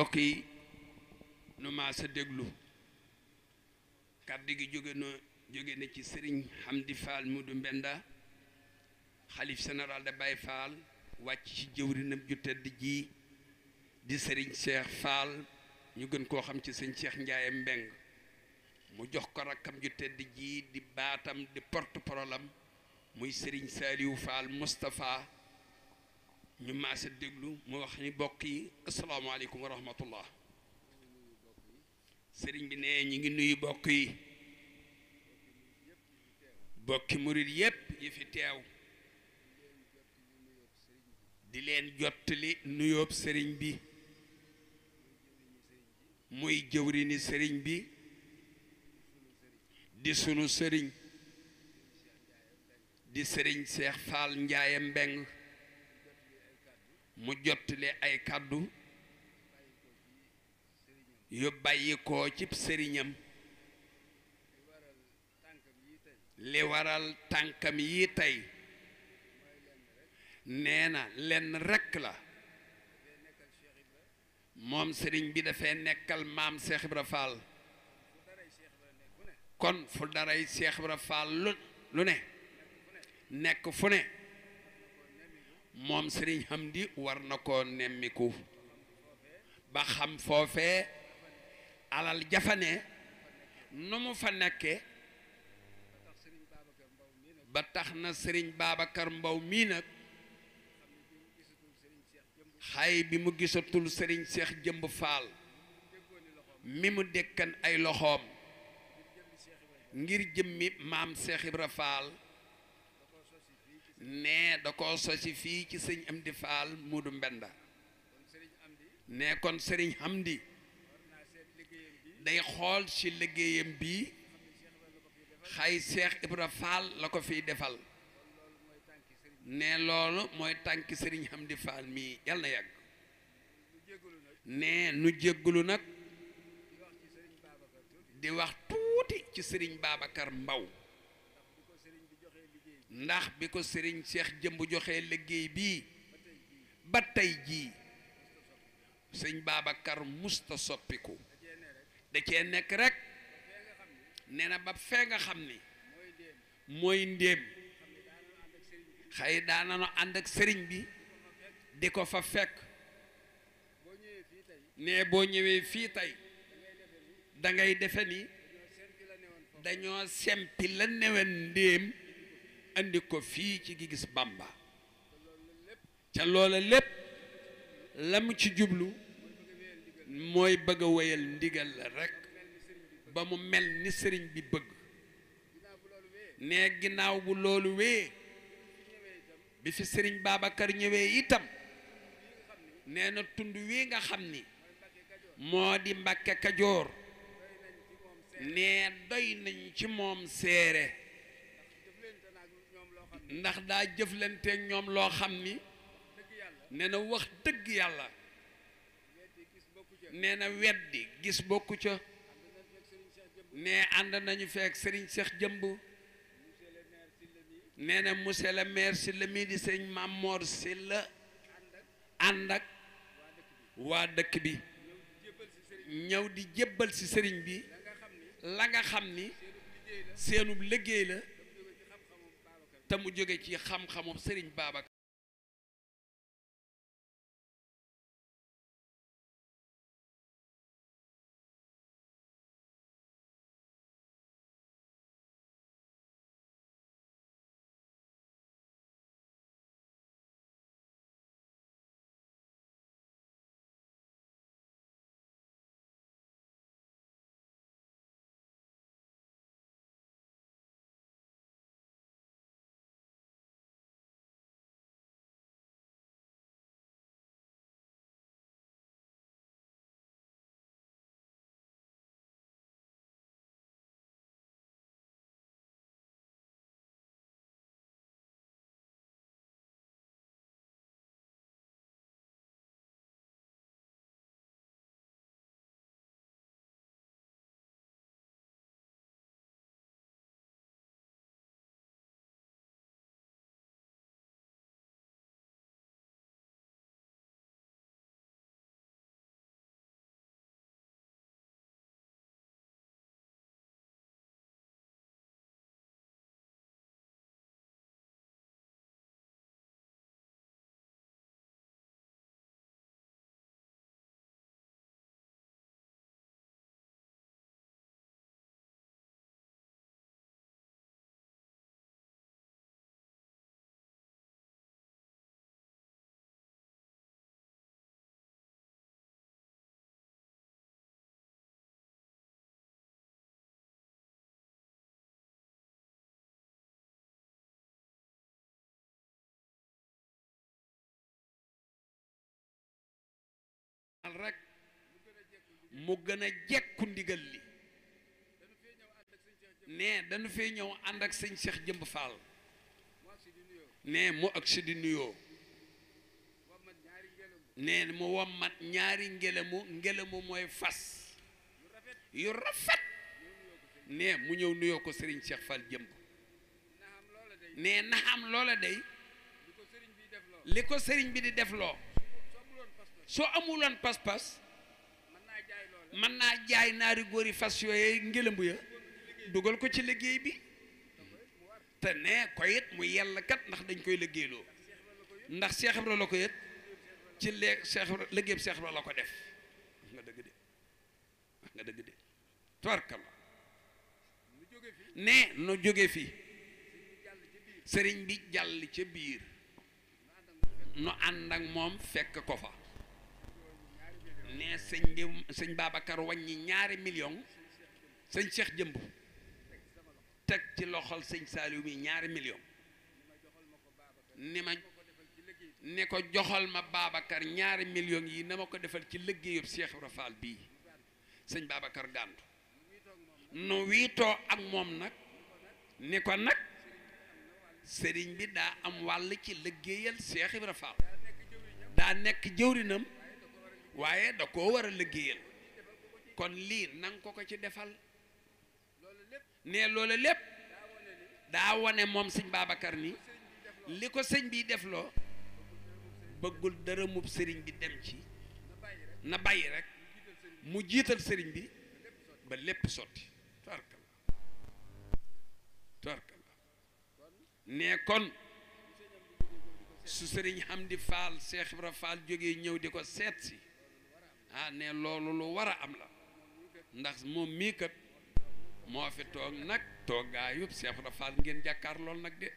mbokk yi nu maasa déglu kàddu gi jóge na jóge na ci sëriñ Hamdi Fall Mudu Mbenda xalif général de Baye Fall wàcc ci jëwrinam ju tedd ji di sëriñ seex Fall ñu gën koo xam ci sëñ Cheikh Ndiaye Mbeng mu jox ko rakkam ju tedd ji di baatam di porte-parole muy sëriñ Saliou Fall Moustapha ñu maase déglu mu wax ni bokk yi asalaamaaleykum wa rahmatullah sëriñ bi nee ñu ngi nuyu bokk yi bokki murit yépp yi fi teew di leen jottali nuyoob sëriñ bi muy jëwrini sëriñ bi di sunu sëriñ di sëriñ Seex Faal Njaaye Mbeng mu jottali ay kàddu yu bàyyi koo ci sëriñam li waral tànkam yi tey nee na lenn rekk la moom sëriñ bi dafay nekkal maam Cheikh Ibra kon fu daray Cheikh Ibra lu lu ne nekk fu ne moom sëriñ Hamdi war na koo nemmiku ba xam foofee alal jafane nu mu fa nekke ba tax na sëriñ baabakar Mbow mii nag xay bi mu gisatul sëriñ Seex Jëmb Faal mi mu dëkkan ay loxoom ngir jëmmi maam Seex Ibra ne da ko sosi fii ci sëñ Amdi Fall Moodu Mbenda ne kon sëriñ di day xool ci liggéeyam bii xay Cheikh Ibra Fall la ko fi defal ne loolu mooy tànki sëriñ di Fall mii yal na yàgg ne nu jéggalu nag di wax tuuti ci sëriñ Babacar Mbaw ndax bi ko sëriñ Cheikh jëmb joxe liggéey bi ba tey jii sëñ baabakar musta soppiku da cee nekk rek nee na ba fee nga xam ni mooy ndéem xëy daananu ànd ak sëriñ bi di ko fa fekk ne boo ñëwee fii tey dangay defe ni dañoo sempi la newen ndéem ko fii ci gi gis Bàmba ca loola lépp la mu ci jublu mooy bëgg a wéyal ndigal la rekk ba mu mel ni sëriñ bi bëgg ne ginnaaw bu loolu wee bi fi sëriñ Babacar ñëwee itam nee na tund wi nga xam ni moo di Mbàkke Kajoor nee doy nañ ci moom seere ndax daa jëflanteeg ñoom loo xam ni nee na wax dëgg yàlla nee na weddi gis bokku ca ne ànd nañu feek sëriñ seex jëmb nee na monsieur le maire si di sëñ Mamor si la ànd ak waa dëkk bi ñëw di jébbal ci sëriñ bi la nga xam ni seenub liggéey la te mu jóge ci xam-xamu Serigne Babacar waxal rek mu gën a jekku ndigal li ne dañu fee ñëw ànd ak sëñ Cheikh Jëmb Fall ne mu ak si di nuyoo ne mu wommat ñaari ngelamu ngelamu mooy fas yu rafet ne mu ñëw nuyoo ko sëriñ seex Fall Jëmb ne na am loola day li ko sëriñ bi di defloo soo amuloon pas-pas mën naa jaay naari góori fas yooye ngélambu ya dugal ko ci liggéey bi te ne ko it mu yàlla kat ndax dañ koy liggéeyloo ndax Seex Ibra la ko yët ci leeg Seex Ibra liggéey la ko def wax nga dëgg de wax nga nu jóge fi sëriñ bi jàll ca biir nu ànd ak moom fekk ko fa ne sëñ bi sëñ Babacar wàññi ñaari million sëñ Cheikh jëmb teg ci loxol sëñ Saliou mi ñaari million ni ma ne ko joxal ma baabakar ñaari million yi na ma ko defal ci liggéeyub Cheikh Ibra Fall bii sëñ Babacar gàndu nu wiitoo ak moom nag ni ko nag sëriñ bi daa am wàll ci liggéeyal Cheikh Ibra daa nekk jëwrinam waaye da koo war a liggéeyal kon liir nang ko ko ci defal ne loolu lépp daa wone moom sëñ Babacar ni li ko sëñ bi defloo bëggul dërëmub sëriñ bi dem ci na bàyyi rek mu jiital sëriñ bi ba lépp sotti tarkal ne kon su sëriñ Hamdi Fall Cheikh Ibra Fall jóge ñëw di ko seet si ah ne loolu lu war a am la ndax moom mii kat moo fi toog nag toogaayub Seex Ibra ngeen jàkkaar lool nag de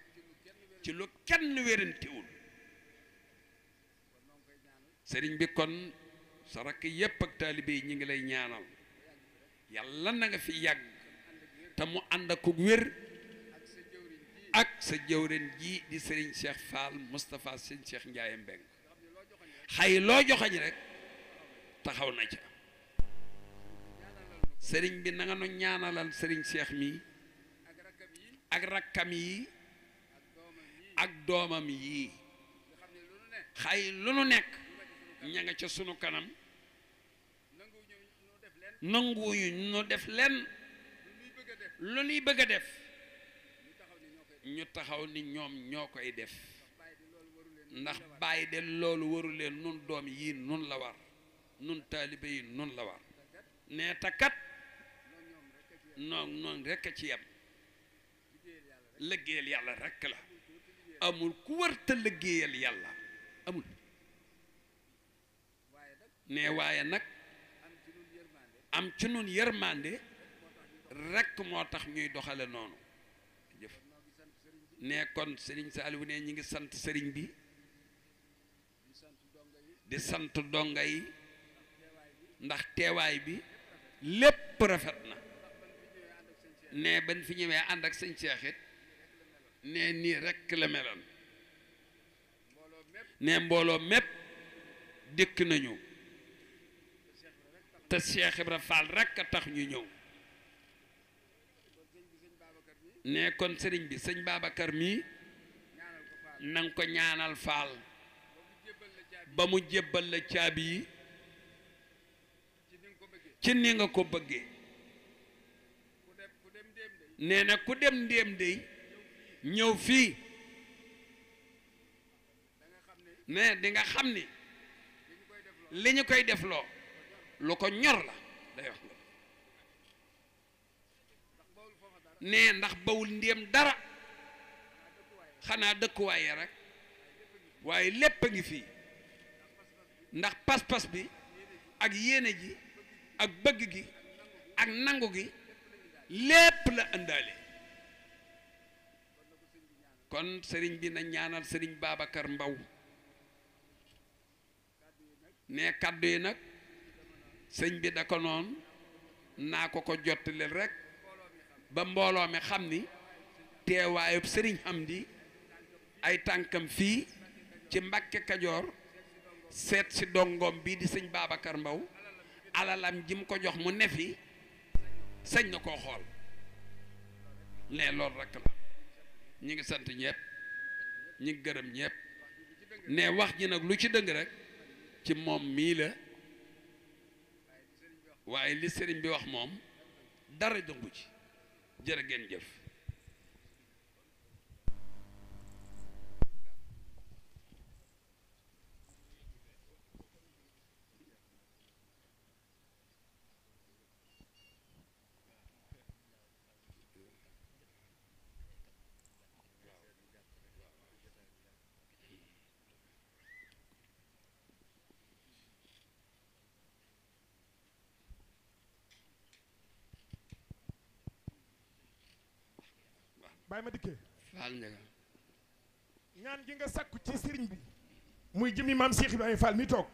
ci lu kenn wérantewul sëriñ bi kon sa rakk yépp ak taalibe yi ñu ngi lay ñaanal yàlla na nga fi yàgg te mu ànd ak wér ak sa jëwren ji di sëriñ Cheikh Fall Moustapha sëriñ Cheikh Ndiaye Mbeng xay loo joxañ rek taxaw na ca sëriñ bi na nga ñaanalal sëriñ seex mi ak rakkam yi ak doomam yi xay lu nu nekk ña nga ca sunu kanam nanguwuñu nu def leen lu nuy bëgg a def ñu taxaw ni ñoom ñoo koy def ndax bàyyi de loolu waru leen nun doom yii nun la war nun taalibe yi nun la war nee ta kat rekk a ci yem liggéeyal yàlla rekk la amul ku warta liggéeyal yàlla amul ne waaye nag am ci nun yërmande rekk moo tax ñuy doxale noonu jëf ne kon sëriñ Saaliwu ne ñi ngi sant sëriñ bi di sant donga yi ndax teewaay bi lépp rafet na ne ban fi ñëwee ànd ak sëñ Cheikh it ne nii rekk la meloon ne mbooloo mépp dikk nañu te Cheikh Ibra Fall rekk a tax ñu ñëw ne kon sëriñ bi sëñ Babacar mii nang ko ñaanal Fall ba mu jébbal la caabi yi ci ni nga ko bëggee nee na ku dem ndéem dey ñëw fii ne di nga xam ni li ñu koy def loo lu ko ñor la day ndax bawul ndéem dara xanaa dëkkuwaaye rek waaye lépp a ngi fii ndax pas-pas bi ak yéene ji ak bëgg gi ak nangu gi lépp la ëndaale kon sëriñ bi na ñaanal sëriñ Babacar mbaw ne kàddu yi nag sëñ bi da ko noon naa ko ko jottaleel rekk ba mbooloo mi xam ni teewaayub sëriñ Hamdi ay tànkam fii ci Mbàkke Kajoor seet si dongoom bii di sëñ baabakar Mbow alalam ji mu ko jox mu ne fi sañ na koo xool ne loolu rek la ñi ngi sant ñëpp ñi ngi gërëm ñëpp ne wax ji nag lu ci dëng rek ci moom mii la waaye li sëriñ bi wax moom dara dëngu ci jërë ngeen jëf bàyyi ma dikkee ñaan gi nga sakku ci sëriñ bi muy jëmmi maam Cheikh Ibrahima Fall mi toog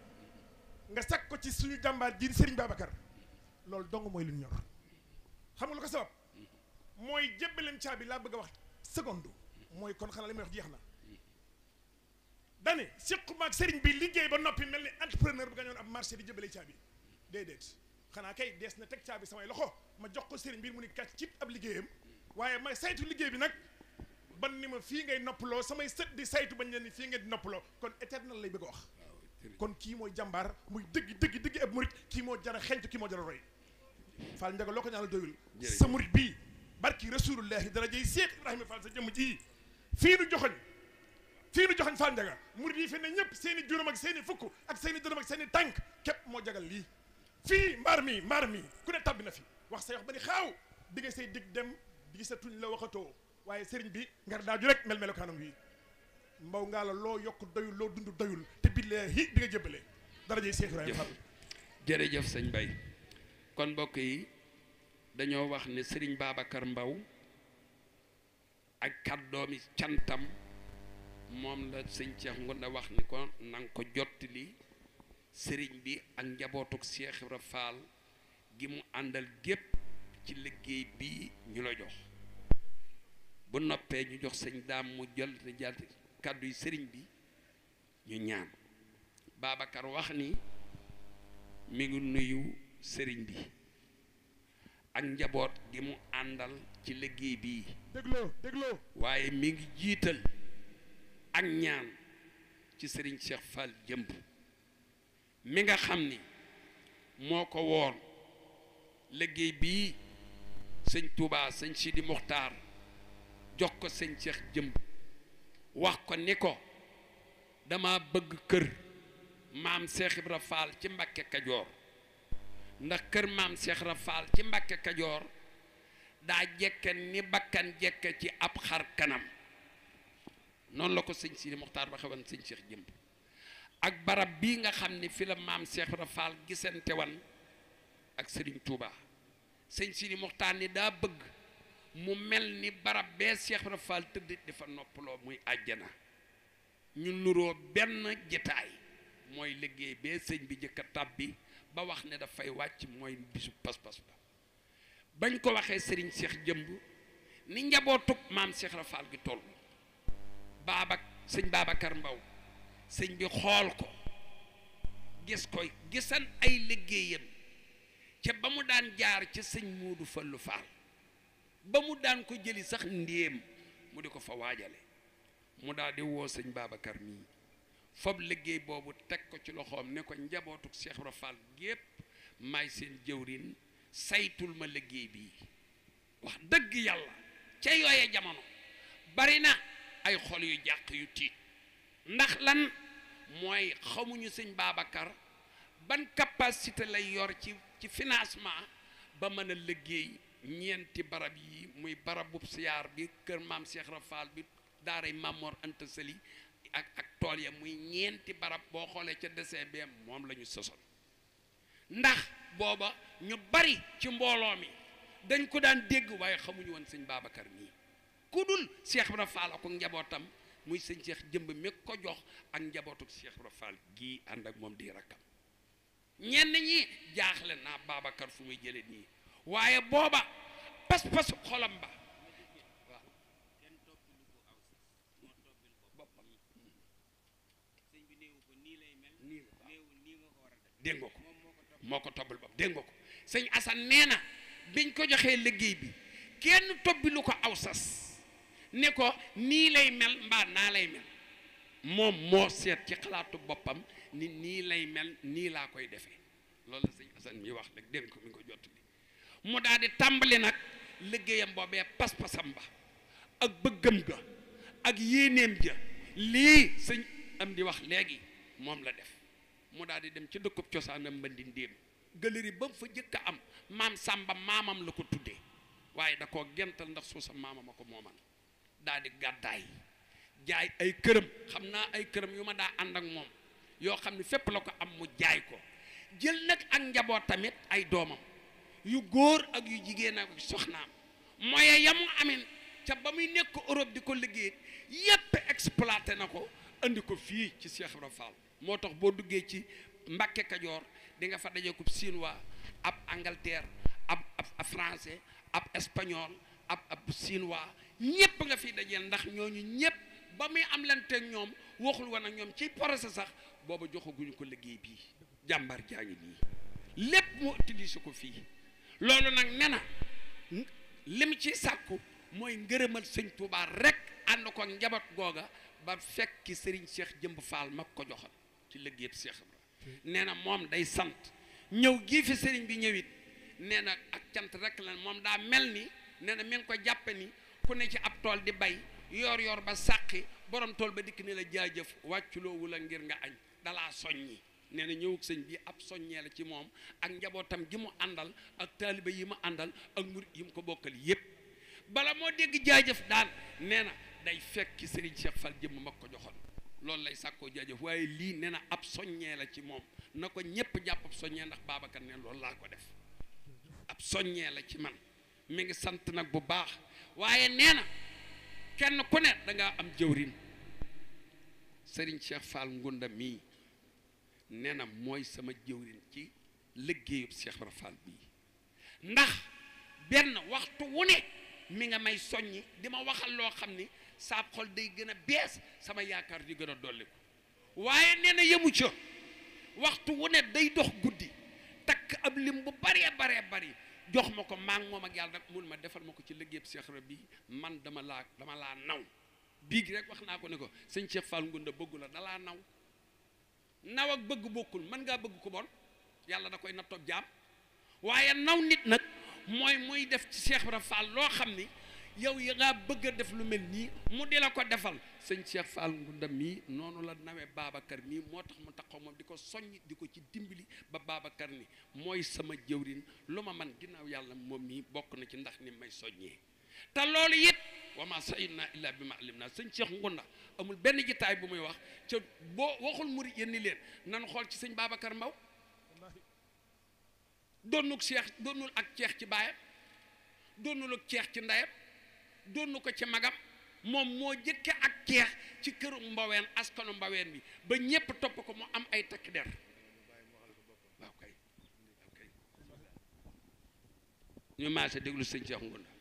nga sakk ko ci suñu jàmbaar ji sëriñ Babacar loolu dong mooy lu ñor xam nga lu ko sabab mooy jébbaleen caabi laa bëgg a wax seconde mooy kon xanaa li may wax jeex na dane siquma ak sëriñ bi liggéey ba noppi mel ni entrepreneur nga ñoon ab marché di jëbale caabi déedéet xanaa kay dees na teg caabi samay loxo ma jox ko sëriñ bii mu ni kàcc cib ab liggéeyam waaye may saytu liggéey bi nag ban ni ma fii ngay noppaloo samay sët di saytu bañ leen ni fii ngay di noppaloo kon éternel lay bëgg a wax kon kii mooy jàmbaar muy dëgg dëgg dëgg ab murit kii moo jar a xentu kii moo jar a roy Fall Ndiaga loo ko ñaanal sa murit bii barki rasulullahi daraja yi Seex Ibrahima Fall sa jëmm ji fii nu joxoñ fii nu joxoñ Fall Ndiaga murit yi fi ne ñëpp seen i juróom ak seen i fukk ak seeni i dërëm ak seen i tànk képp moo jagal lii fii mbaar mii mbaar mi ku ne tabbi na fi wax say wax ba ni xaaw di nga say dig dem bii gisatuñ la waxatoo waaye sëriñ bi ngar daaju rek mel melokaanam wi mbaw nga la loo yokk doyul loo dund doyul te billaahi di nga jëbale dara jëy Cheikh Ibrahima Fall jërëjëf sëñ Bay kon mbokk yi dañoo wax ne sëriñ baabakar Mbaw ak kàddoomi cantam moom la sëñ Cheikh Ngounda wax ni ko na ko jottali sëriñ bi ak njabootug Cheikh Ibra gi mu àndal gépp ci liggéey bii ñu la jox bu noppee ñu jox sëñ daam mu jël te jàll kàddu yi sëriñ bi ñu ñaan Babacar wax ni mi ngi nuyu sëriñ bi ak njaboot gi mu àndal ci liggéey bii dégloo dégloo waaye mi ngi jiital ak ñaan ci sëriñ Cheikh Fall jëmb mi nga xam ni moo ko woon liggéey bii sëñ Touba sëñ Sidi Muxtaar jox ko sëñ Cheikh jëmb wax ko ni ko dama bëgg kër maam Cheikh Ibra ci Mbàkke Kajoor ndax kër maam Cheikh Ibra ci Mbàkke Kajoor daa jekke ni bakkan jekke ci ab xar kanam noonu la ko sëñ Sidi Muxtaar waxe woon sëñ Cheikh jëmb ak barab bii nga xam ni fi la maam Cheikh Ibra Fall gisante wan ak Sëriñ Touba sëñ ni Muxtaar ni daa bëgg mu mel ni barab bee Cheikh Ibra Fall tëdd dafa noppaloo muy àjjana ñu nuroo benn jitaay mooy liggéey bee sëñ bi jëkka tàbbi ba wax ne dafay wàcc mooy bisu pas-pas ba bañ ko waxee sëriñ Cheikh jëmb ni njabootug maam Cheikh Ibra Fall gi toll baabak sëñ Babacar Mbaw sëñ bi xool ko gis koy gisan ay liggéeyam ca ba mu daan jaar ca sëñ Moodu Fallu Faal ba mu daan ko jëli sax ndéem mu di ko fa waajale mu daal di woo sëñ baabakar mii fob liggéey boobu teg ko ci loxoom ne ko njabootuk Cheikh Ibra Fall gépp maay seen jëwrin saytul ma liggéey bii wax dëgg yàlla ca yooye jamono bari na ay xol yu jàq yu tiit ndax lan mooy xamuñu sëñ Babacar ban capacité lay yor ci ci financement ba mën a liggéey ñeenti barab yi muy barab siyaar bi kër maam Cheikh Rafal bi daaray Mamor Anta Sali ak ak tool ya muy ñeenti barab boo xoolee ca dessin bi moom la ñu sosoon ndax booba ñu bari ci mbooloo mi dañ ko daan dégg waaye xamuñu woon sëñ Babacar mii ku dul Cheikh Ibra Fall njabootam muy sëñ Cheikh jëmb mi ko jox ak njabootu Cheikh Ibra gii ànd ak moom di rakkam ñenn ñi jaaxle naa Babacar fu muy jële nii waaye booba pas-pasu xolam ba dégg nga ko moo ko tobbal bopp dégg ko sëñ Assane nee na biñ ko joxee liggéey bi kenn tobbilu ko aw sas ne ko nii lay mel mbaa naa lay mel moom moo seet ci xalaatu boppam nit nii lay mel nii laa koy defee loolu la sëñ Assane mi wax nag dem ko mi ngi ko jot bi mu daal di tàmbali nag liggéeyam boobee pas-pasam ba ak bëggam ga ak yéeneem ja lii sëñ am di wax léegi moom la def mu daal di dem ci dëkku cosaanam mbandin déem galerie ba mu fa njëkk a am maam sàmba maamam la ko tuddee waaye da koo gental ndax suusam maamam a ko mooman daal di gàddaay jaay ay këram xam naa ay këram yu ma daa ànd ak moom yoo xam ne fépp la ko am mu jaay ko jël nag ak njaboot tamit ay doomam yu góor ak yu jigéen ak soxnaam mooy yamu amin ca ba muy nekk Europe di ko liggéey yépp exploité na ko andi ko fii ci Cheikh Ibra Fall moo tax boo duggee ci Mbàkke Kajoor di nga fa daje ko chinois ab Angleterre ab français ab espagnol ab ab chinois ñépp nga fi dajeel ndax ñooñu ñépp ba muy am lanteek ñoom waxul woon ak ñoom ci procès sax booba joxaguñu ko liggéey bii jàmbar jaa ngi nii lépp mu utilisé ko fii loolu nag nee na li mu ci sàkku mooy ngërëmal sëñ Touba rekk ànd ko njaboot googa ba fekki Serigne Cheikh Jëmb faal mag ko joxal ci liggéeyub Cheikh Ibrahima nee na moom day sant ñëw gii fi Serigne bi ñëwit nee na ak cant rek la moom daa mel ni nee na mi ngi ko jàppe ni ku ne ci ab tool di bay yor-yor ba sàqi borom tool ba dikk ni la jaajëf wàcculoo wu la ngir nga añ. dalaa soññi nee na ñëwug sëñ bii ab soññee la ci moom ak njabootam gi mu àndal ak taaliba yi mu àndal ak murit yi mu ko bokkal yépp bala moo dégg jaajëf daal nee na day fekk sëriñ Cheikh Fall jëmm mag joxoon loolu lay sàkkoo jaajëf waaye lii nee na ab soññee la ci moom na ko ñépp jàpp ab ndax Babacar neen loolu laa ko def ab soññee la ci man mi sant nag bu baax waaye nee na kenn ku ne da am jëwrin sëriñ Cheikh Fall ngunda mii nee na mooy sama jëwrin ci liggéeyub Cheikh Ibra bii ndax benn waxtu wu ne mi nga may soññ di ma waxal loo xam ni saab xol day gën a bees sama yaakaar di gën a dolli ko waaye nee yemu ca waxtu wu ne day dox guddi takk ab lim bu baree baree bari jox ma ko maa moom ak yàlla rek mun ma defal ma ko ci liggéeyub Cheikh Ibra bii man dama laa dama laa naw biig rek wax naa ko ne ko sëñ Cheikh Fall Ngunda bëggu la dalaa naw naw ak bëgg bokkul mën ngaa bëgg ku bon yàlla da koy nattoob jaam waaye naw nit nag mooy muy def ci Cheikh Ibra Fall loo xam ni yow ya ngaa bëgg a def lu mel nii mu di la ko defal sëñ Cheikh Fall Ngundam mii noonu la nawe Babacar mii moo tax mu taxaw moom di ko soññ di ko ci dimbali ba Babacar ni mooy sama jëwrin lu ma man ginnaaw yàlla moom mii bokk na ci ndax ni may soññee te loolu it wa ma sayidna illa bi ma alim na sëñ Cheikh Ngunda amul benn jitaay bu muy wax ca boo waxul murit yéen ni leen nan xool ci sëñ Babacar Mbaw doonul Cheikh ak Cheikh ci baayam doonul ak Cheikh ci ndeyam doonu ko ci magam moom moo jëkke ak Cheikh ci këru mbaween askanu mbaween bi ba ñépp topp ko mu am ay takk der waaw kay waaw ñu maase déglu sëñ Cheikh Ngunda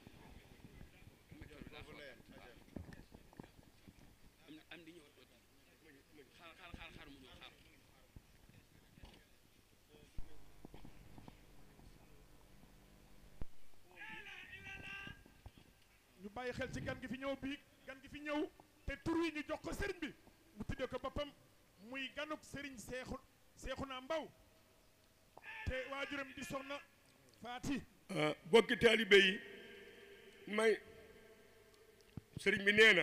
waaye xel ci gan gi fi ñëw bii gan gi fi ñëw te tur wi ñu jox ko sëriñ bi mu tudde ko boppam muy ganuk sëriñ seexu seexu naa mbaw te waajuram di soxna faati ah, bokki taalibe yi may sëriñ bi nee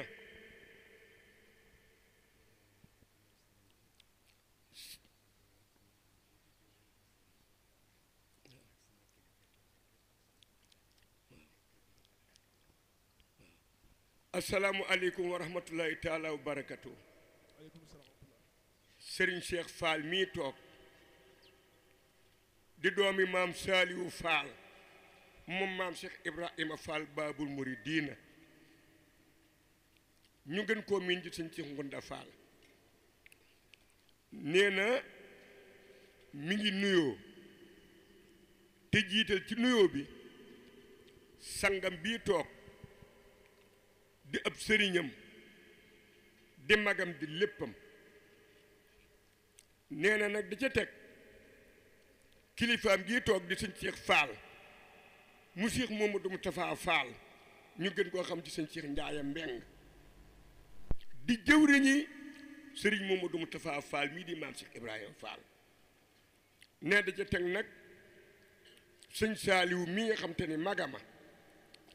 asalaamualeykum wa rahmatullahi taala wa barakatu sëriñ Cheikh Fall mii toog di doomi maam Saaliwu Fall moom maam Cheikh Ibrahima Fall Baabul Muridiina ñu gën koo miin ci sëñ Ngunda Fall nee na mi ngi nuyoo te jiital ci nuyoo bi sangam bii toog di ab sëriñam di magam di léppam nee na nag di ca teg kilifaam gi toog di sëñ Cheikh Fall mu Cheikh Mamadou Moustapha Fall ñu gën koo xam ci sëñ Cheikh Ndiaye Mbeng di jëwriñi sëriñ Mamadou Moustapha Fall mii di maam Cheikh Ibrahima Fall nee da ca teg nag sëñ Saaliw mii nga xam te ni magama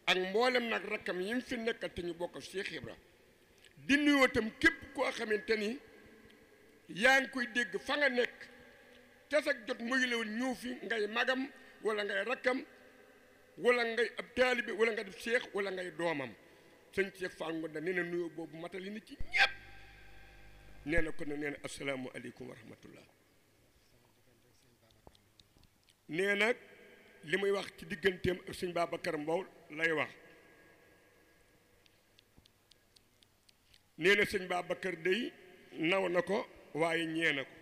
ak mboolem nag rakkam yi mu fi nekkal te ñu bokk ak Cheikh Ibra di nuyoo itam képp koo xamante ni yaa ngi koy dégg fa nga nekk te sax jot mayule woon ñëw fi ngay magam walla ngay rakkam wala ngay ab taalibe wala nga def Cheikh wala ngay doomam sëñ fa Fall Ngonda nee na nuyoo boobu matali na ci ñëpp nee na kon nag nee na asalaamualeykum wa rahmatullah nee nag li may wax ci digganteem ak sëñ Babacar Mbow lay wax nee na sëñ Babacar day naw na ko waaye ñee na ko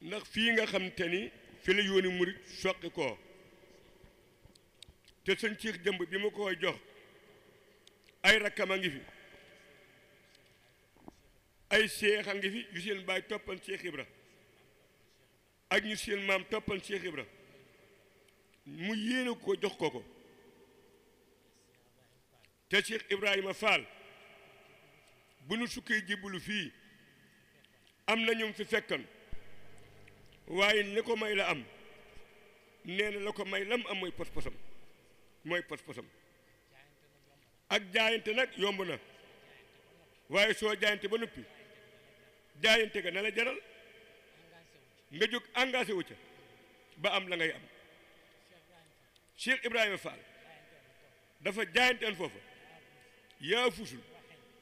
ndax fii nga xam te ni fi la yooni murit soqi koo te sëñ Cheikh jëmb bi ma koy jox ay rakkam a ngi fi ay seex a ngi fi yu seen bàyyi toppal Cheikh Ibra ak ñu seen maam toppal Cheikh Ibra mu yéene ko jox ko ko te Cheikh Ibrahima Fall bu nu sukkee jébbalu fii am na ñu fi fekkan waaye ni ko may la am nee na la ko may lam am mooy pos-posam mooy pos-posam ak jaayante nag yomb na waaye soo jaayante ba noppi jaayante ga na la jaral nga jóg engagé wu ca ba am la ngay am Cheikh Ibrahima Fall dafa jaayanteen foofa yaa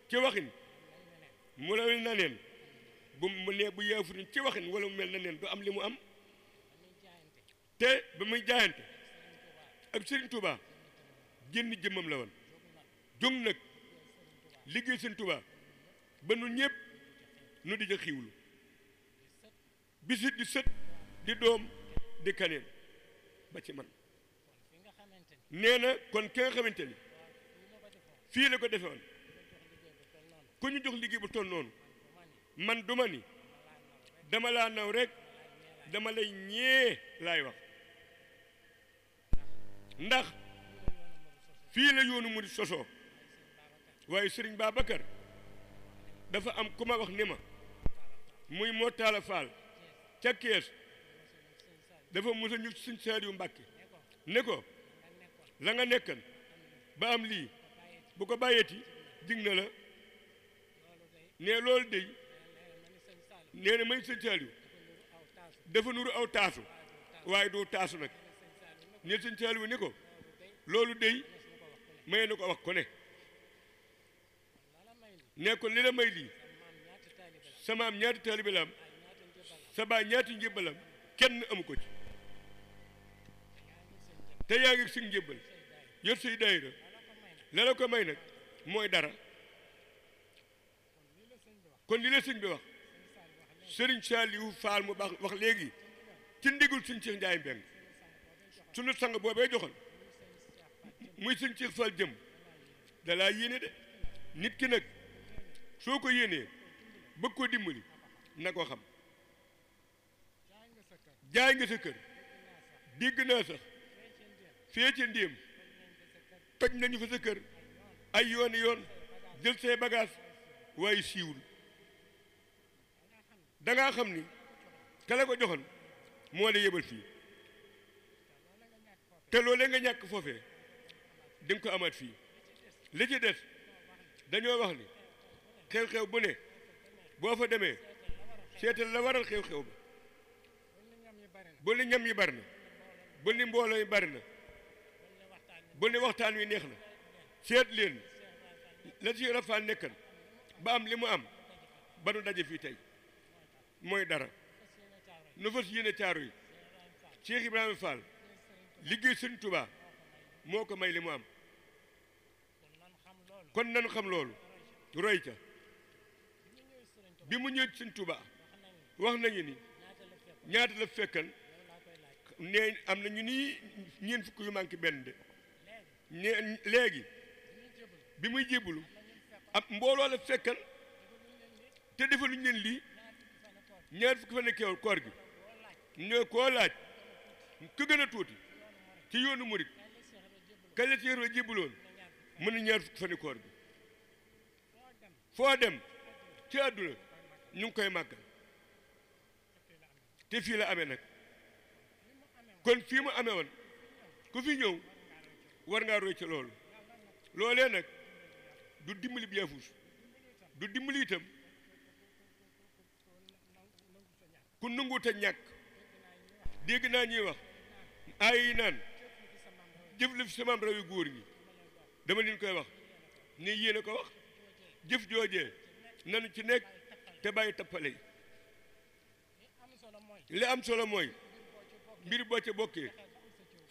ci waxin mu la mel na neen bu mu ne bu yaa ci waxin wala mu mel na neen du am li mu am te ba muy jaayante ak Serigne Touba génn jëmmam la woon jóg nag liggéey Serigne Touba ba nu ñëpp nu di ja xiiwlu bisit di sët di doom di kaneen ba ci man nee na kon ki nga xamante ni fii la ko defe woon ku ñu jox liggéey bu toll noonu man duma ni dama laa naw rek dama lay ñee laay wax ndax fii la yoonu murid sosoo waaye sëriñ Babacar dafa am ku ma wax ni ma muy moo faal ca kees dafa musa ñu suñ Saaliw Mbàkke ne ko la nga nekkan ba am lii bu ko bàyyeeti dig na la ne loolu day nee na may sëñ Saaliw dafa nuru aw taasu waaye doo taasu nag ne sëñ Saaliw ne ko loolu day maye na ko wax ko ne ne ko li la may lii samaam ñaati taalibe la sa baay ñaati njébbalam kenn amu ko ci te yaa ngi suñ njébbal yor say daayira la la ko may nag mooy dara kon li la sëñ bi wax sëriñ Saliou Fall mu baax wax léegi ci ndigul sëñ Cheikh Ndiaye Mbeng sunu sang boobee joxoon muy sëñ Cheikh Fall jëm dalaa yéene de nit ki nag soo ko yéenee bëgg ko dimbali na ko xam jaay nga sa kër dégg naa sax fee ca ndéem toj nañu fa sa kër ay yoon yoon jël say bagaas waaye siiwul dangaa xam ni ka la ko joxoon moo la yebal fii te loole nga ñàkk foofee di ko amaat fii li ci des dañoo wax ni xew-xew bu ne boo fa demee seetal la waral xew-xew ba bul ni ñam yi bari na bul ni mbooloo yi bari na bul ni waxtaan wi neex na seet leen la ci rafaan nekkan ba am li mu am ba nu daje fii tey mooy dara nu fas yéene caaru yi Cheikh Ibrahima Fall liggéey Sëriñ Tuubaa moo ko may li mu am kon nanu xam loolu roy ca bi mu ñëw Sëriñ Tuubaa wax nañu ni ñaata la fekkan nee am na ñu nii ñeent fukk benn de nee léegi bi muy jébbalu am mbooloo la fekkan te defaluñ leen lii ñaar fukki fan koor gi ñoo koo laaj ku gën a tuuti ci yoonu murit kañ la mën na ñaar fukki fan koor gi foo dem ci àdduna ñu ngi koy màggal te fii la amee nag. kon fii mu amee woon ku fi ñëw war ngaa roy ci loolu loolee nag du dimbali bi yaafus du dimbali itam ku nanguwut a ñàkk dégg naa ñuy wax yi naan jëf la fi sama raw góor ñi dama leen koy wax ni yéen ko wax jëf jooje nanu ci nekk te bàyyi tappale yi li am solo mooy mbir boo ca bokkee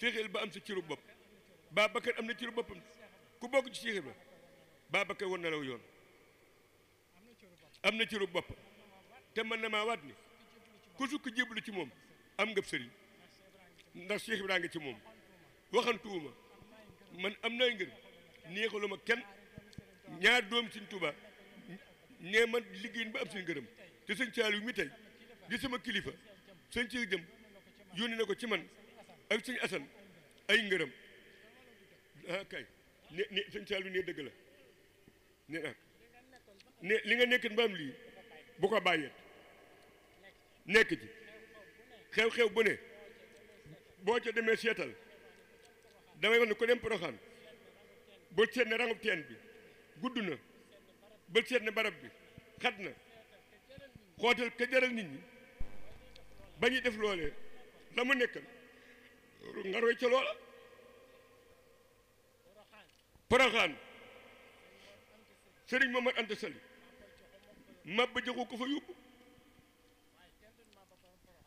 fexeel ba am ci ciru bopp Babacar am na ciru boppam ku bokk ci Cheikh ba Babacar war na law yoon am na ciru bopp te mën na maa waat ni ku sukk jébbalu ci moom am nga sëriñ ndax Cheikh Ibra ngi ci moom waxantuwuma man am nay ngër neexaluma kenn ñaar doom Sëriñ Tuubaa ne man liggéeyin ba am seen ngërëm te sëñ Saliou mi tey di sama kilifa sëñ ci jëm yónni na ko ci man ak suñu asan ay ngërëm ah kay ne ne sëñ Saliou ne dëgg la ne ah ne li nga nekk mbaam lii bu ko bàyyeet nekk ci xew-xew bu ne boo ca demee seetal damay wax ne ku dem Poroxaan bul seet ne rangub teen bi gudd na bul seet ne barab bi xat na xootal ka jaral nit ñi ba ñuy def loolee la mu nekk nga roy ca loola Poroxaan Sëriñ Mamar Anta Sali mabba joxu ko fa yóbbu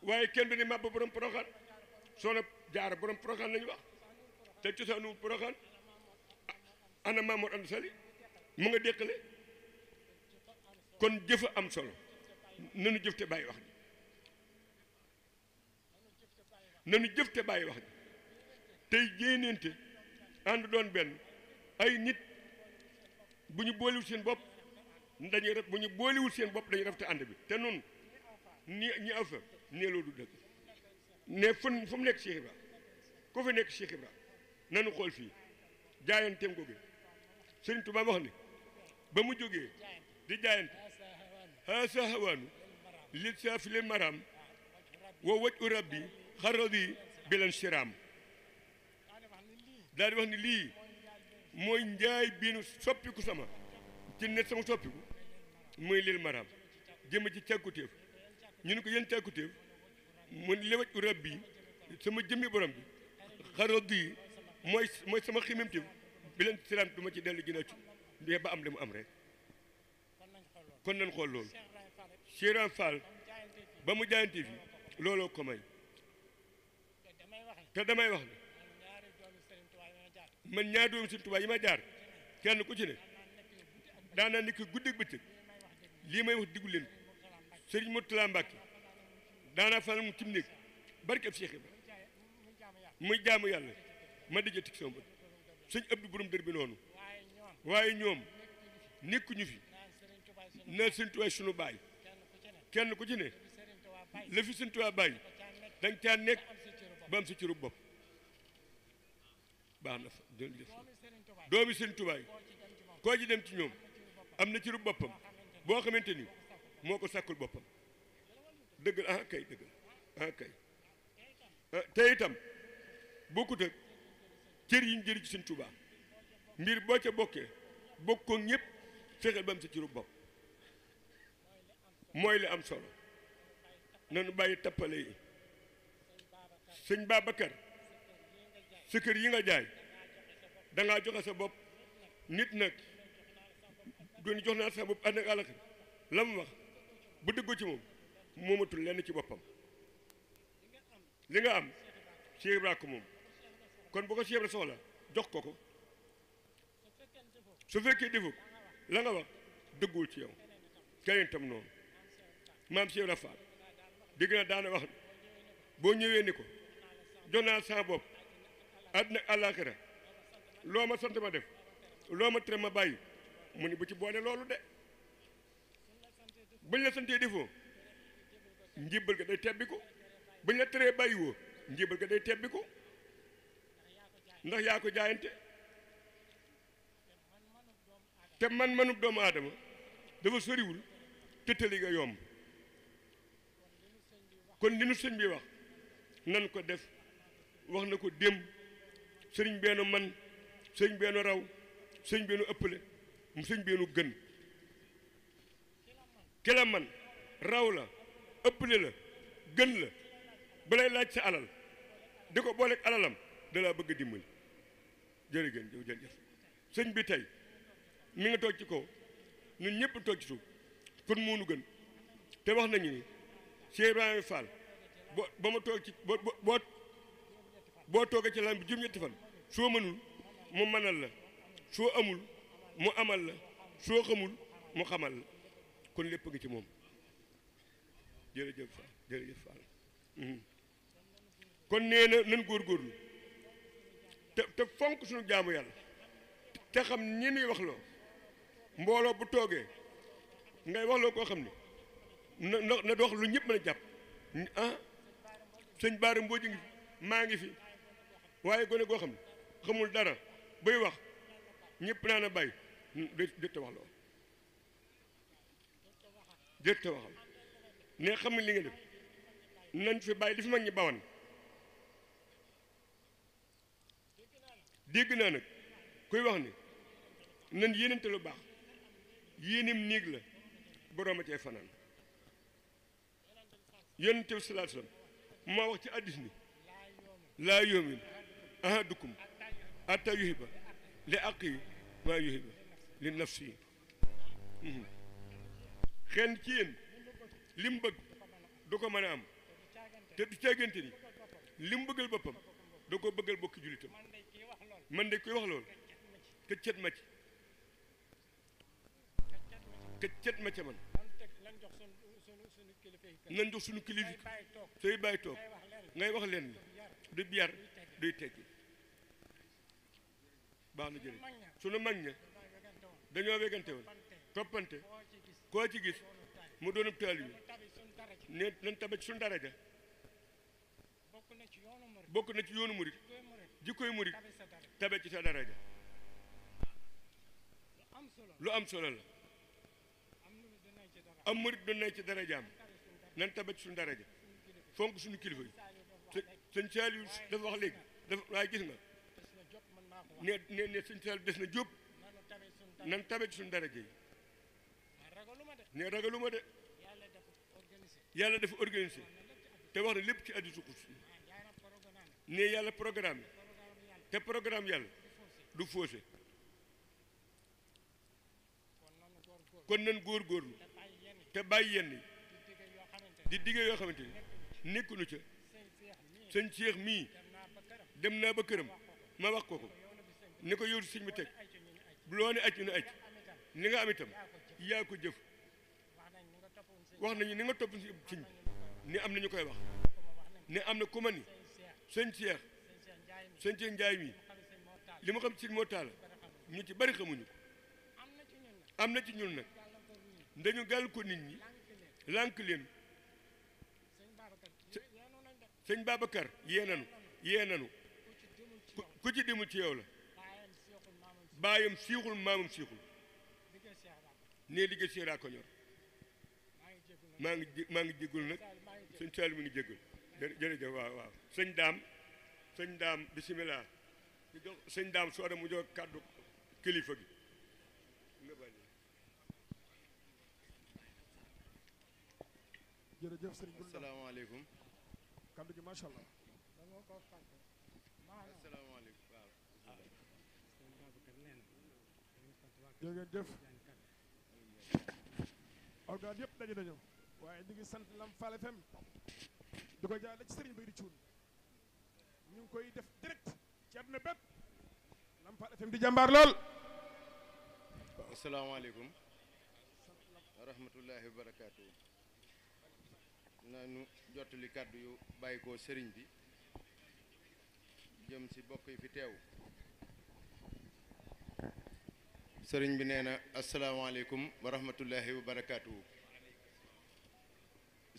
waaye kenn du ne mabba borom Poroxaan soxna Jaara borom Poroxaan lañu wax te cosaanu Poroxaan ana Mamar Anta Sali mu nga déqale kon jëfa am solo nanu jëf te bàyyi wax ji nanu jëf te bàyyi wax ji tey jéeneente ànd doon benn ay nit bu ñu booliwul seen bopp dañuy ref bu ñu booliwul seen bopp dañuy rafte ànd bi te nun ni ñi aw fa nee loolu dëgg ne fën fu mu nekk Cheikh Ibra ko fi nekk Cheikh Ibra nanu xool fii jaayanteem googu Sëriñ Tuubaa wax ne ba mu jógee di jaayante haasa hawaanu lil saafi lil maram wa waj u rabbi xarala bi bilan siraam daal di wax ni lii mooy njaay biinu soppiku sama ci net sama soppiku mooy lil maraam jëma ci càkkutéef ñu ne ko yéen càkkutéef mun liwaj urab bi sama jëmmi borom bi xarala bi mooy mooy sama ximimtéef bilan siraam du ma ci dellu ginnaaw ci ba am li mu am rek kon nañ xool loolu Cheikh Fall ba mu jaayante fi looloo ko te damay wax man ñaari doomi Sëriñ yi ma jaar kenn ku ci ne daana nekk guddeeg bëccëg lii may wax diggu leen ko Sëriñ Murtala Mbàkke daana fanaan mu cim néeg barkeb Seex Ibra muy jaamu yàlla ma dëjë tig sama bët sëñ Abdu borom dër bi noonu waaye ñoom nekkuñu fi na Sëriñ Tuubaa baay kenn ku ci ne la baay dañ caa nekk ba am sa cërub bopp baax na fa jërëjëf doomi sëñ Tuubaa koo ji dem ci ñoom am na cërub boppam boo xamante ni moo ko sàkkul boppam dëgg la ah kay dëgg la ah ah, te itam bokkut ak cër yi ñu jëri ci sëñ Tuubaa mbir boo ca bokkee bokkoo ñëpp fexeel ba am sa cërub bopp mooy li am solo nanu bàyyi tappale yi sëñ Babacar si kër yi nga jaay da ngaa joxe sa bopp nit nag doon jox naa sa bopp ànd ak àllaxira la mu wax bu dëggu ci moom moomatul lenn ci boppam li nga am Cheikh moom kon bu ko Cheikh Ibra soxla jox ko ko su fekkee defu la nga wax dëgguwul ci yow keneen tam noonu maam Cheikh Ibra Fall dégg na daana wax boo ñëwee ni ko jox naa sama bopp àddina àllaaxira loo ma sant ma def loo ma tere ma bàyyi mu ni bu ci boole loolu de buñ la santee defoo njibal ga day tebbi ko buñ la teree bàyyiwoo njibal ga day tebbi ko ndax yaa ko jaayante te man manub doomu aadama dafa soriwul tëttali ga yomb kon li nu sëñ bi wax nan ko def wax na ko démb sëriñ benn man sëriñ benn raw sëriñ benn ëppale mu sëriñ benn gën ki raw la ëppale la gën la balay laaj sa alal di ko booleeg alalam dalaa bëgg a dimbali jërëgéen jëf jërëjëf sëñ bi tey mi ngi toog ci ko ñun ñëpp toog ci suuf kon muunu gën te wax nañu ni Cheikh Ibrahima Fall ba ba ma toog ci boo boo toogee ci lan bi juróom-ñetti fan soo mënul mu mënal la soo amul mu amal la soo xamul mu xamal la kon lépp a ngi ci moom jërëjëf Fall jërëjëf Fall mhm. kon nee na nan góorgóorlu te te fonk suñu jaamu yàlla te xam ñi nuy loo mbooloo bu toogee ngay waxloo koo xam ni na na dox lu ñëpp mën a jàpp ah sëñ Baara Mbodj ngi maa ngi fi waaye gone goo xam ne xamul dara bay wax ñëpp naan a bàyyi détta wax loo détta waxal ne xamul li nga def nañ fi bàyyi li fi mag ñi bawan dégg naa nag kuy wax ni nan yéenante lu baax yéenim néeg la borooma tee fanaan yonent bi sallallahu wax ci addis ni laa yoomin ahadukum atta ba li aqi maa yuhiba li nafsi xen ci yéen li mu bëgg du ko mën a am te du càggante ni li mu bëggal boppam da ko bëggal bokki jullitam man de koy wax loolu te cet ma ci te cet ma ca man nan jox suñu kilifa tey bàyyi toog ngay wax leen du biyar duy tekki baax na jële sunu mag ña dañoo wegante woon toppante koo ci gis mu doonub taalibe ne nañ tabe ci suñu daraja bokk na ci yoonu murit jikkoy murit tabe ci sa daraja lu am solo la am murit doon nañ ci darajaam nan tabe ci suñu daraja fonk suñu kilifa yi sëñ Saaliw dafa wax dafa waaye gis nga ne ne ne suñ sal des na jóob nan tabe ci suñ daraja ne ragalu de yàlla dafa organisé te wax ne lépp ci addisu ko si ne yàlla programme te programme yàlla du faussé kon nan góorgóorlu te bàyyi yenn di digge yoo xamante ni nekkuñu ca sëñ Cheikh mii dem naa ba këram ma wax ko ko ni ko yow siñ bi teg bu loo ne aj na aj li nga am itam yaa ko jëf wax nañu ni nga topp sëñ bi ni am nañu koy wax ne am na ku ma ni sëñ Cheikh sëñ Cheikh Ndiaye mi li ma xam sëñ moo taal ñu ci bari xamuñu ko am na ci ñuul nag dañu gàll ko nit ñi lànq leen sëñ Babacar yee nanu yee nanu ku ci demul ci yow la baayam siixul maamam siixul nee liggéey seeraa ko ñor maa ngi maa ngi jéggul nag sëñ Saali mi ngi jéggul jërëjëf daam bisimilah di soo dem mu jox kàddu kilifa bi jërëjëf sëriñ asalaamaaleykum kàddu gi macha allah asalaamaaleykum waaw. jërëjëf. organ yëpp daje nañu waaye ñu sant Lam Fall FM di ko jaarale ci Serigne Baydi Thioune ñu ngi koy def direct ci àdduna bépp Lam Fall FM di jàmbaar lool. asalaamaaleykum. wa rahmatullahi wa barakaatu. nañu jottali kàddu yu bàyyi ko Serigne bi. jëm ci bokk yi fi teew sëriñ bi nee na asalaamaaleykum wa rahmatullahi